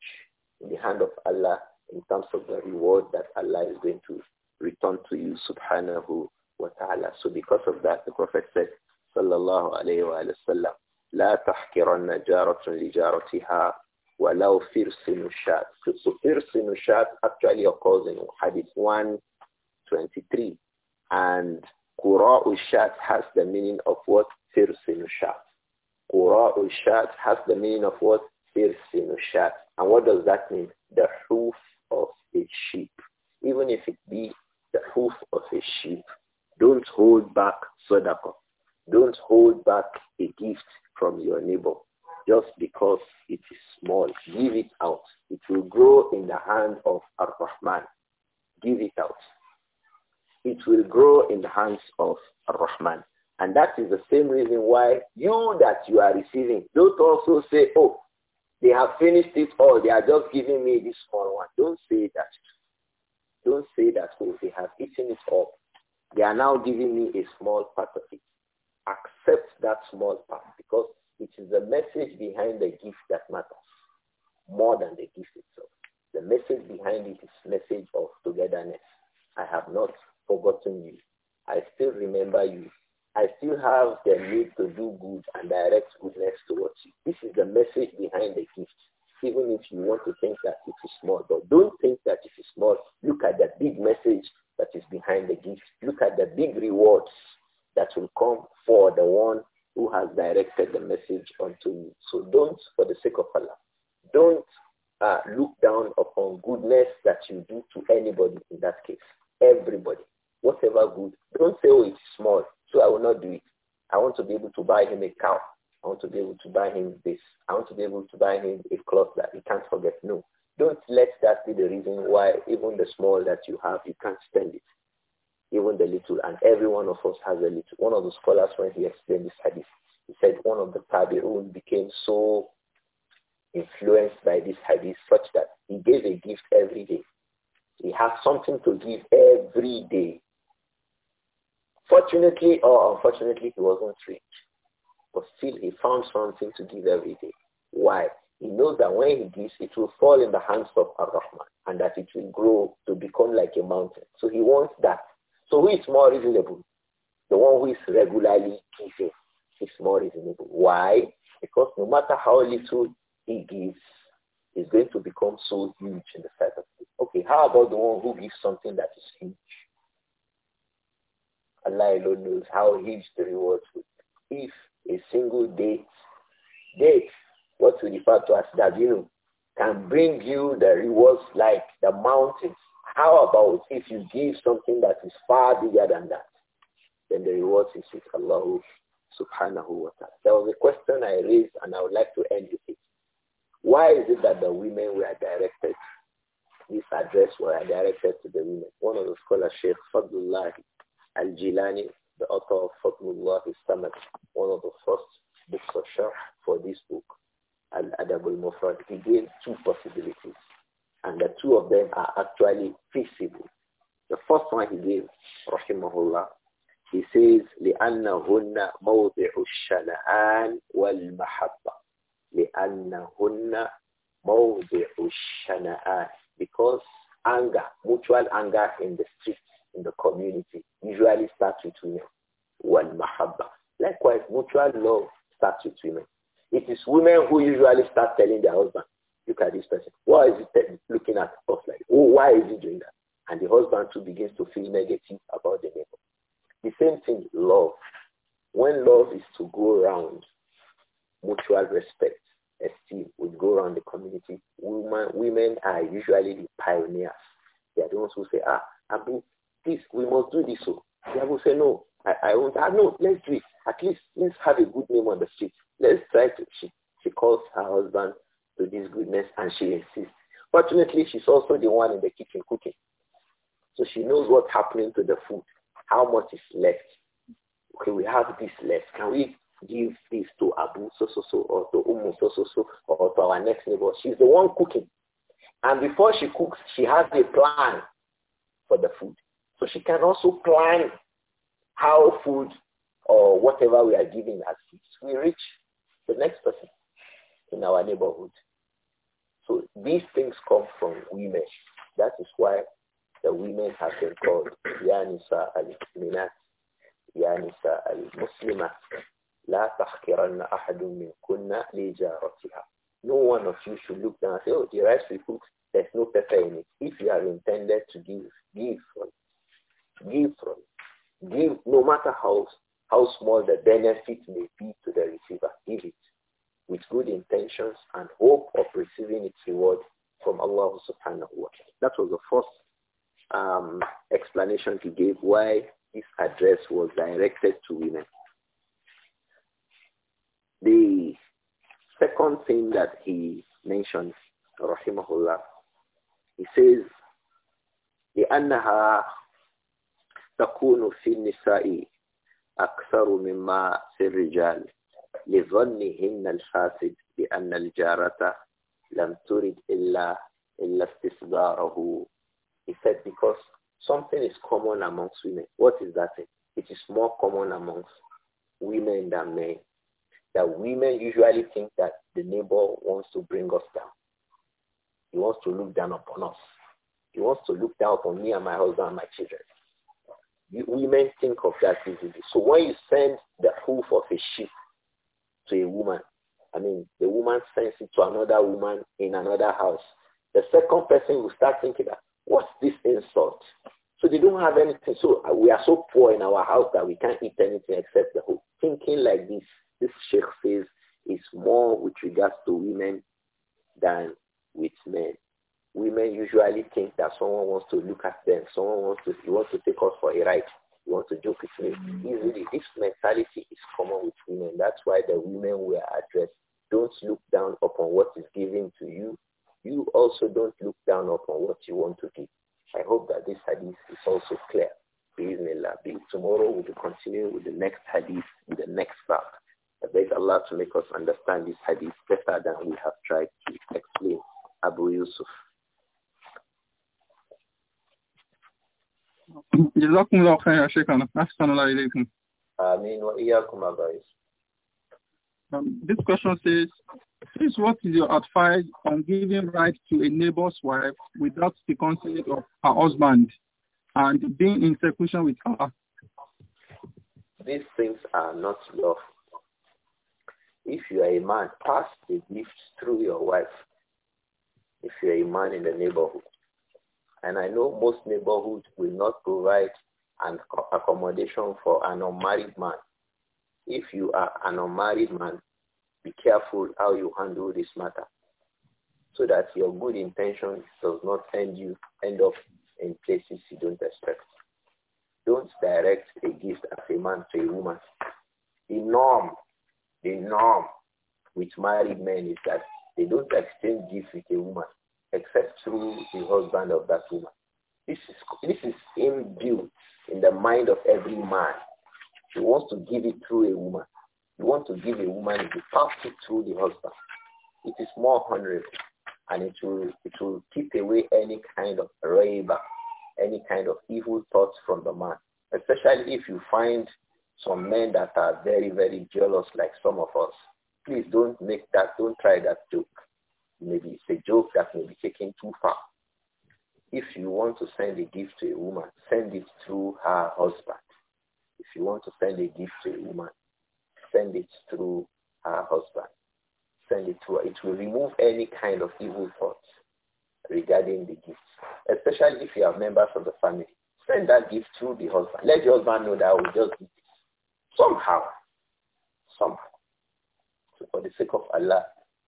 in the hand of Allah in terms of the reward that Allah is going to return to you, subhanahu wa ta'ala. So because of that, the Prophet said, sallallahu alayhi wa sallam, لا تحقرن جارة لجارتها ولو فرس نشات. So فرس نشات actually occurs in Hadith 123. And Qura'u shat has the meaning of what? Firsinu shat. Qura'u shat has the meaning of what? Firsinu shat. And what does that mean? The hoof of a sheep, even if it be the hoof of a sheep, don't hold back sadaqah. Don't hold back a gift from your neighbor just because it is small. Give it out. It will grow in the hand of Ar-Rahman. Give it out. It will grow in the hands of Ar-Rahman. And that is the same reason why you that you are receiving, don't also say, oh, they have finished it all. They are just giving me this small one. Don't say that. Don't say that. Oh, they have eaten it up. They are now giving me a small part of it. Accept that small part because it is the message behind the gift that matters more than the gift itself. The message behind it is message of togetherness. I have not forgotten you. I still remember you. I still have the need to do good and direct goodness towards you. This is the message behind the gift. Even if you want to think that it is small, but don't think that it is small. Look at the big message that is behind the gift. Look at the big rewards that will come for the one who has directed the message unto you. So don't, for the sake of Allah, don't uh, look down upon goodness that you do to anybody in that case. Everybody. Whatever good. Don't say, oh, it's small. So I will not do it. I want to be able to buy him a cow. I want to be able to buy him this. I want to be able to buy him a cloth that he can't forget. No. Don't let that be the reason why even the small that you have, you can't spend it. Even the little. And every one of us has a little. One of the scholars, when he explained this hadith, he said one of the tabi'un became so influenced by this hadith such that he gave a gift every day. He has something to give every day. Fortunately or unfortunately, he wasn't rich. But still, he found something to give every day. Why? He knows that when he gives, it will fall in the hands of Ar-Rahman and that it will grow to become like a mountain. So he wants that. So who is more reasonable? The one who is regularly giving is more reasonable. Why? Because no matter how little he gives, it's going to become so huge in the sight of people. Okay, how about the one who gives something that is huge? Allah alone knows how huge the rewards would If a single date, date, what we refer to as davino, can bring you the rewards like the mountains, how about if you give something that is far bigger than that? Then the rewards is with Allah subhanahu wa ta'ala. There was a question I raised and I would like to end with it. Why is it that the women were directed, this address were directed to the women? One of the scholars, Sheikh Fadlullah Al-Jilani, the author of Fatmullah Samad, one of the first books of Sharh for this book, Al-Adab al-Mufrad, he gave two possibilities. And the two of them are actually feasible. The first one he gave, rahimahullah, he says, لأنهن موضع الشنآن والمحبة. لأنهن موضع الشنآن. Because anger, mutual anger in the street in the community usually starts with women. Wal mahabba. Likewise, mutual love starts with women. It is women who usually start telling their husband, look at this person. Why is he looking at us like, oh, why is he doing that? And the husband too begins to feel negative about the neighbor. The same thing, love. When love is to go around, mutual respect, esteem would go around the community. Women, women are usually the pioneers. They are the ones who say, ah, Abu, this, we must do this. So Abu say, no, I, I won't. Ah, no, let's do it. At least let's have a good name on the street. Let's try to. She, she calls her husband to this goodness and she insists. Fortunately, she's also the one in the kitchen cooking. So she knows what's happening to the food, how much is left. Okay, we have this left. Can we give this to Abu so so so or to Umu so so so or to our next neighbor? She's the one cooking. And before she cooks, she has a plan for the food. So she can also plan how food or whatever we are giving as we reach the next person in our neighborhood. So these things come from women. That is why the women have been called Yanisa al-Minat, Yanisa al-Muslimat. لا تحقرن أحد منكن لجارتها. No one of you should look down and say, oh, the rice we cook, there's no pepper in it. If you are intended to give, give Give from, give no matter how, how small the benefit may be to the receiver. Give it with good intentions and hope of receiving its reward from Allah subhanahu wa ta'ala. That was the first um, explanation he gave why this address was directed to women. The second thing that he mentioned, rahimahullah, he says, لأنها he said because something is common amongst women. What is that thing? It is more common amongst women than men. That women usually think that the neighbor wants to bring us down. He wants to look down upon us. He wants to look down upon me and my husband and my children women think of that easily. So when you send the hoof of a sheep to a woman, I mean, the woman sends it to another woman in another house. The second person will start thinking, that, what's this insult? So they don't have anything. So uh, we are so poor in our house that we can't eat anything except the hoof. Thinking like this, this sheikh says, is more with regards to women than with men women usually think that someone wants to look at them, someone wants to, you want to take us for a ride, you want to joke with me. Mm. Easily, this mentality is common with women. That's why the women were addressed. Don't look down upon what is given to you. You also don't look down upon what you want to give. I hope that this hadith is also clear. Tomorrow we'll be continuing with the next hadith, with the next part. I beg Allah to make us understand this hadith better than we have tried to explain. Abu Yusuf. جزاكم الله أحسن الله إليكم آمين وإياكم um, This question says, please what is your advice on giving right to a neighbor's wife without the consent of her husband and being in seclusion with her? These things are not lawful. If you are a man, pass the gifts through your wife. If you are a man in the neighborhood, and I know most neighborhoods will not provide an accommodation for an unmarried man. If you are an unmarried man, be careful how you handle this matter so that your good intention does not end you end up in places you don't expect. Don't direct a gift as a man to a woman. The norm, the norm with married men is that they don't exchange gifts with a woman except through the husband of that woman. This is, this is inbuilt in the mind of every man. He wants to give it through a woman. You want to give a woman, you pass it through the husband. It is more honorable and it will, it will keep away any kind of raver, any kind of evil thoughts from the man, especially if you find some men that are very, very jealous like some of us. Please don't make that, don't try that joke maybe it's a joke that may be taken too far. If you want to send a gift to a woman, send it through her husband. If you want to send a gift to a woman, send it through her husband. Send it to her. It will remove any kind of evil thoughts regarding the gift, especially if you have members of the family. Send that gift through the husband. Let the husband know that I oh, will just did this. Somehow. Somehow. So for the sake of Allah,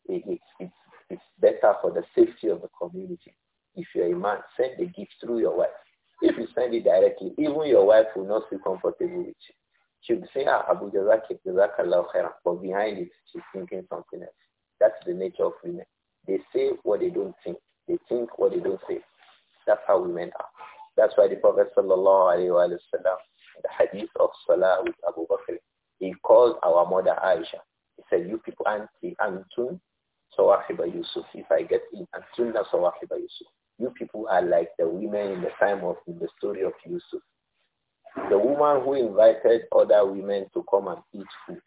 it, it, it's it's better for the safety of the community. If you're a man, send the gift through your wife. If you send it directly, even your wife will not feel comfortable with you. She'll say, ah, Abu Jazaki, Jazakallah khairan. But behind it, she's thinking something else. That's the nature of women. They say what they don't think. They think what they don't say. That's how women are. That's why the Prophet sallallahu alayhi wa the hadith of Salah with Abu Bakr, he called our mother Aisha. He said, you people, Auntie Antun, Sawahiba Yusuf if I get in and Sunnah Sawahiba Yusuf. You people are like the women in the time of in the story of Yusuf. The woman who invited other women to come and eat food.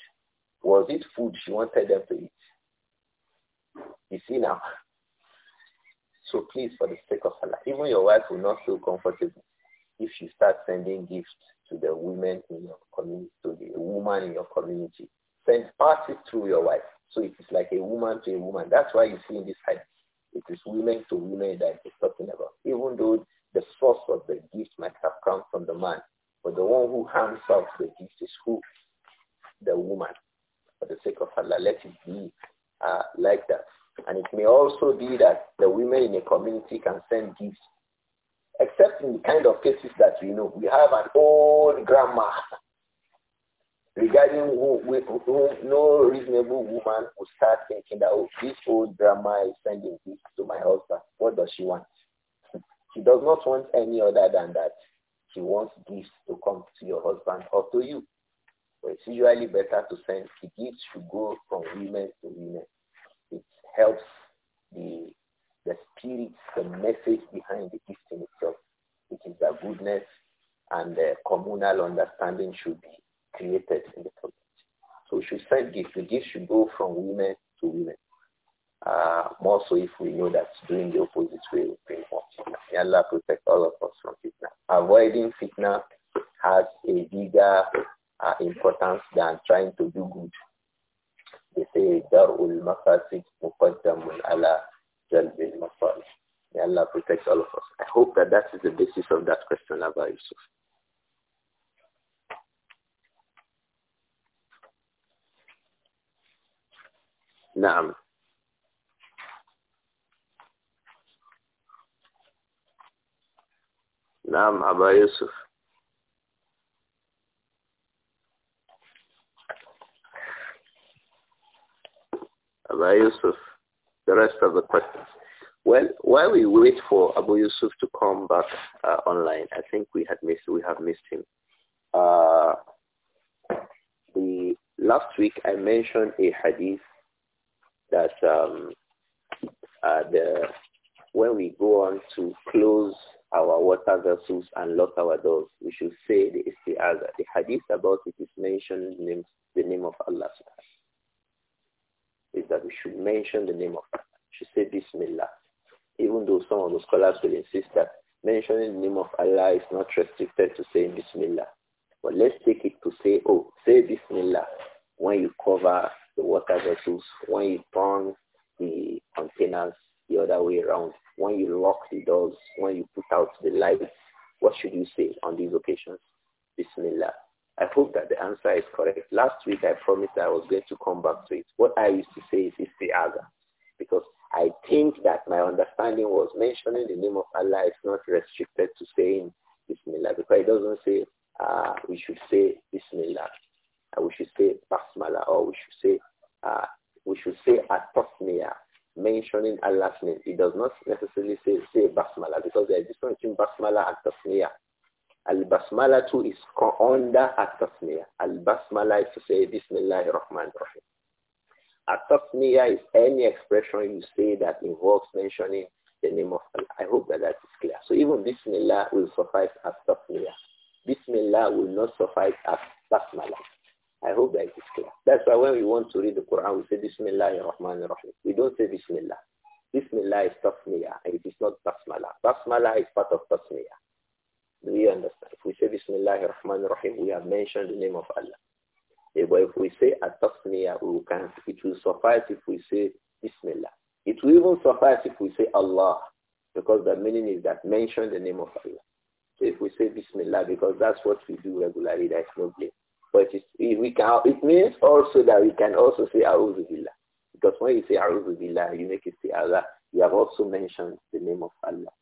Was it food she wanted them to eat? You see now. So please, for the sake of Allah, even your wife will not feel comfortable if you start sending gifts to the women in your community, to the woman in your community. Send, parties through your wife. So it is like a woman to a woman. That's why you see in this hadith, it is women to women that he's talking about. Even though the source of the gift might have come from the man, but the one who hands out the gift is who? The woman. For the sake of Allah, let it be uh, like that. And it may also be that the women in a community can send gifts, except in the kind of cases that we know. We have an old grandma regarding who, who, no reasonable woman would start thinking that oh, this old grandma is sending this to my husband. What does she want? she does not want any other than that. She wants gifts to come to your husband or to you. But it's usually better to send the gifts should go from women to women. It helps the the spirit, the message behind the gift in itself, which is the goodness and the uh, communal understanding should be created in the community. So we should send gifts. The gifts should go from women to women. Uh, more so if we know that doing the opposite way will bring more fitna. May Allah protect all of us from fitna. Avoiding fitna has a bigger uh, importance than trying to do good. They say, Dar'ul mafasid muqaddamun ala jalbil mafasid. May Allah protect all of us. I hope that that is the basis of that question, Abba Yusuf. نعم نعم أبا يوسف Abu يوسف the rest of the questions. Well, while we wait for Abu Yusuf to come back uh, online, I think we had missed we have missed him. Uh, the last week I mentioned a hadith that um, uh, the, when we go on to close our water vessels and lock our doors, we should say the istiaza. The hadith about it is mentioned names, the name of Allah. Is that we should mention the name of Allah. We should say Bismillah. Even though some of the scholars will insist that mentioning the name of Allah is not restricted to saying Bismillah. But let's take it to say, oh, say Bismillah when you cover water vessels, when you turn the containers the other way around, when you lock the doors, when you put out the lights, what should you say on these occasions? Bismillah. I hope that the answer is correct. Last week I promised I was going to come back to it. What I used to say is the other, because I think that my understanding was mentioning the name of Allah is not restricted to saying Bismillah because it doesn't say uh, we should say Bismillah. Uh, we should say Basmala or we should say uh, we should say tasmiyah, mentioning Allah's name. It does not necessarily say, say basmala because there is a difference between basmala and tasmiyah. Al-basmala too is under a tasmiyah Al-basmala is to say Bismillahir Rahmanir Rahim. tasmiyah is any expression you say that involves mentioning the name of Allah. I hope that that is clear. So even Bismillah will suffice as tasmiyah. Bismillah will not suffice as basmala. I hope that is clear. That's why when we want to read the Quran, we say Bismillah ar-Rahman rahim We don't say Bismillah. Bismillah is Tasmiyah, and it is not Tasmala. Tasmala is part of Tasmiyah. Do you understand? If we say Bismillah ar-Rahman rahim we have mentioned the name of Allah. But if we say At-Tasmiyah, we can, it will suffice if we say Bismillah. It will even suffice if we say Allah, because the meaning is that mention the name of Allah. So if we say Bismillah, because that's what we do regularly, there is no blame. But we can, it means also that we can also say A'udhu Billah. Because when you say A'udhu Billah, you make it say Allah. You have also mentioned the name of Allah.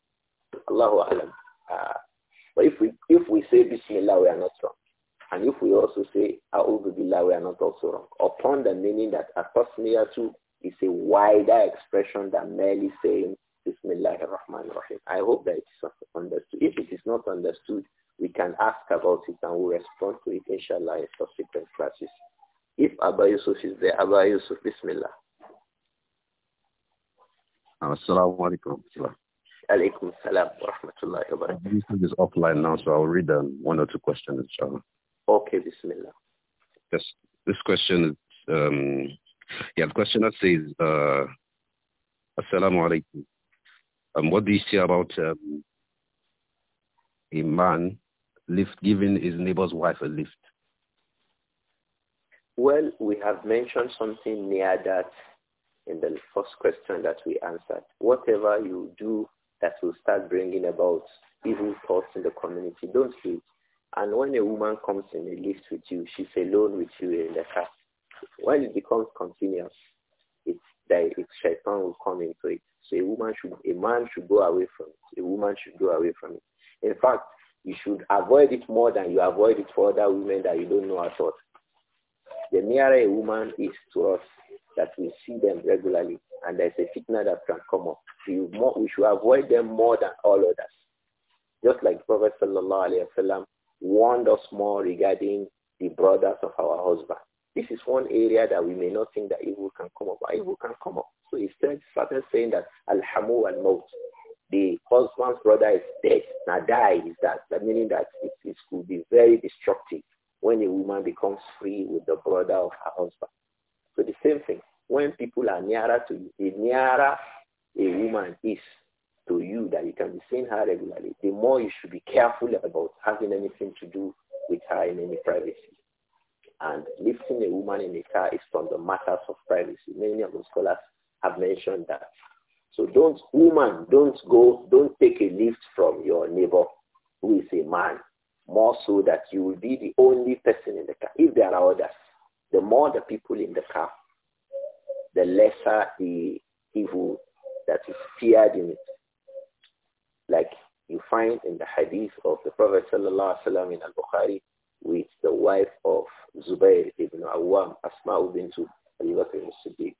Allahu Alam. Uh, but if we, if we say Bismillah, we are not wrong. And if we also say A'udhu Billah, we are not also wrong. Upon the meaning that Atasmiyatu is a wider expression than merely saying Bismillah ar-Rahman ar-Rahim. I hope that it is understood. If it is not understood, we can ask about it and we'll respond to it, inshallah, in subsequent classes. If Abba Yusuf is there, Abba Yusuf, Bismillah. Uh, Assalamu alaikum. Alaikum salam wa rahmatullahi wa barakatuh. is offline now, so I'll read um, one or two questions, inshallah. Okay, Bismillah. Yes, this question is, um, yeah, the questioner says, uh, Assalamu alaikum. Um, what do you see about um, a man lift, giving his neighbor's wife a lift? Well, we have mentioned something near that in the first question that we answered. Whatever you do that will start bringing about evil thoughts in the community, don't do it. And when a woman comes in a lift with you, she's alone with you in the car. When it becomes continuous, it's that it's shaitan will come into it. So a woman should, a man should go away from it. A woman should go away from it. In fact, you should avoid it more than you avoid it for other women that you don't know at all. The nearer a woman is to us, that we see them regularly, and there's a fitna that can come up. We, more, we should avoid them more than all others. Just like the Prophet wasallam warned us more regarding the brothers of our husband. This is one area that we may not think that evil can come up, but evil can come up. So he started saying that al al-maut, the husband's brother is dead. Now die is that, that meaning that it, it could be very destructive when a woman becomes free with the brother of her husband. So the same thing, when people are nearer to you, the nearer a woman is to you that you can be seeing her regularly, the more you should be careful about having anything to do with her in any privacy. And lifting a woman in a car is from the matters of privacy. Many of the scholars have mentioned that so don't, woman, don't go, don't take a lift from your neighbor who is a man, more so that you will be the only person in the car. If there are others, the more the people in the car, the lesser the evil that is feared in it. Like you find in the hadith of the Prophet sallallahu alaihi wasallam in al-Bukhari with the wife of Zubair ibn Awam, Asma bint Abi Bakr ibn siddiq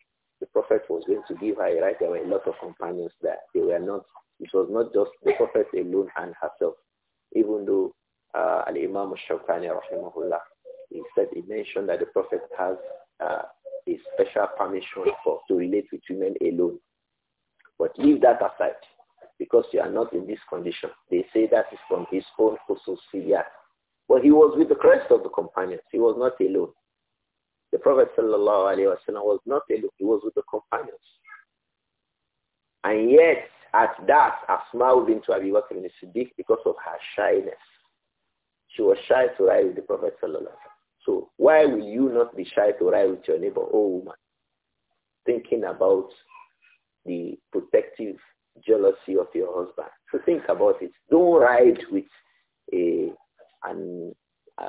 was going to give her a right, there were a lot of companions there. They were not, it was not just the Prophet alone and herself. Even though uh, Al-Imam Shawkani rahimahullah, he said, he mentioned that the Prophet has uh, a special permission for to relate with women alone. But leave that aside because you are not in this condition. They say that is from his own khususiyat. But he was with the rest of the companions. He was not alone. The Prophet sallallahu alaihi wasallam was not alone. He was with the companions. And yet, at that, Asma bint Abu Bakr and Siddiq because of her shyness. She was shy to ride with the Prophet sallallahu alaihi wasallam. So why will you not be shy to ride with your neighbor, oh woman? Thinking about the protective jealousy of your husband. So think about it. Don't ride with a, an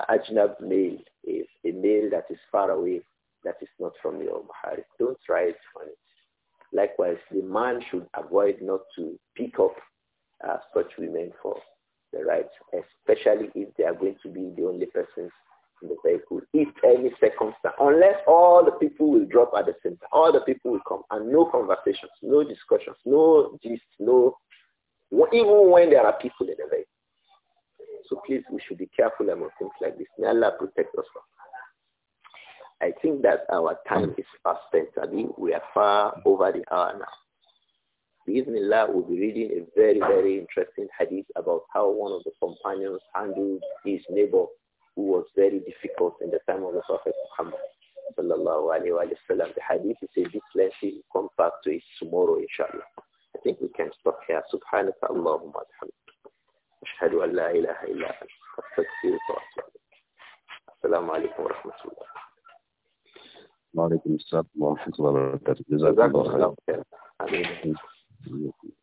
ajnab male is a male that is far away that is not from your Mahari. Don't try it on it. Likewise, the man should avoid not to pick up uh, such women for the right, especially if they are going to be the only persons in the vehicle. If any circumstance, unless all the people will drop at the same time, all the people will come, and no conversations, no discussions, no gist, no, even when there are people in the vehicle. So please, we should be careful about things like this. May Allah protect us from I think that our time is fast spent. I mean, we are far over the hour now. Bismillah, we'll be reading a very, very interesting hadith about how one of the companions handled his neighbor who was very difficult in the time of the Prophet Muhammad. Sallallahu alayhi wa The hadith is a bit lengthy. come back to it tomorrow, inshallah. I think we can stop here. Subhanaka Allahumma أشهد أن لا إله إلا أنت السلام عليكم ورحمة الله وعليكم السلام ورحمة الله وبركاته جزاكم الله خير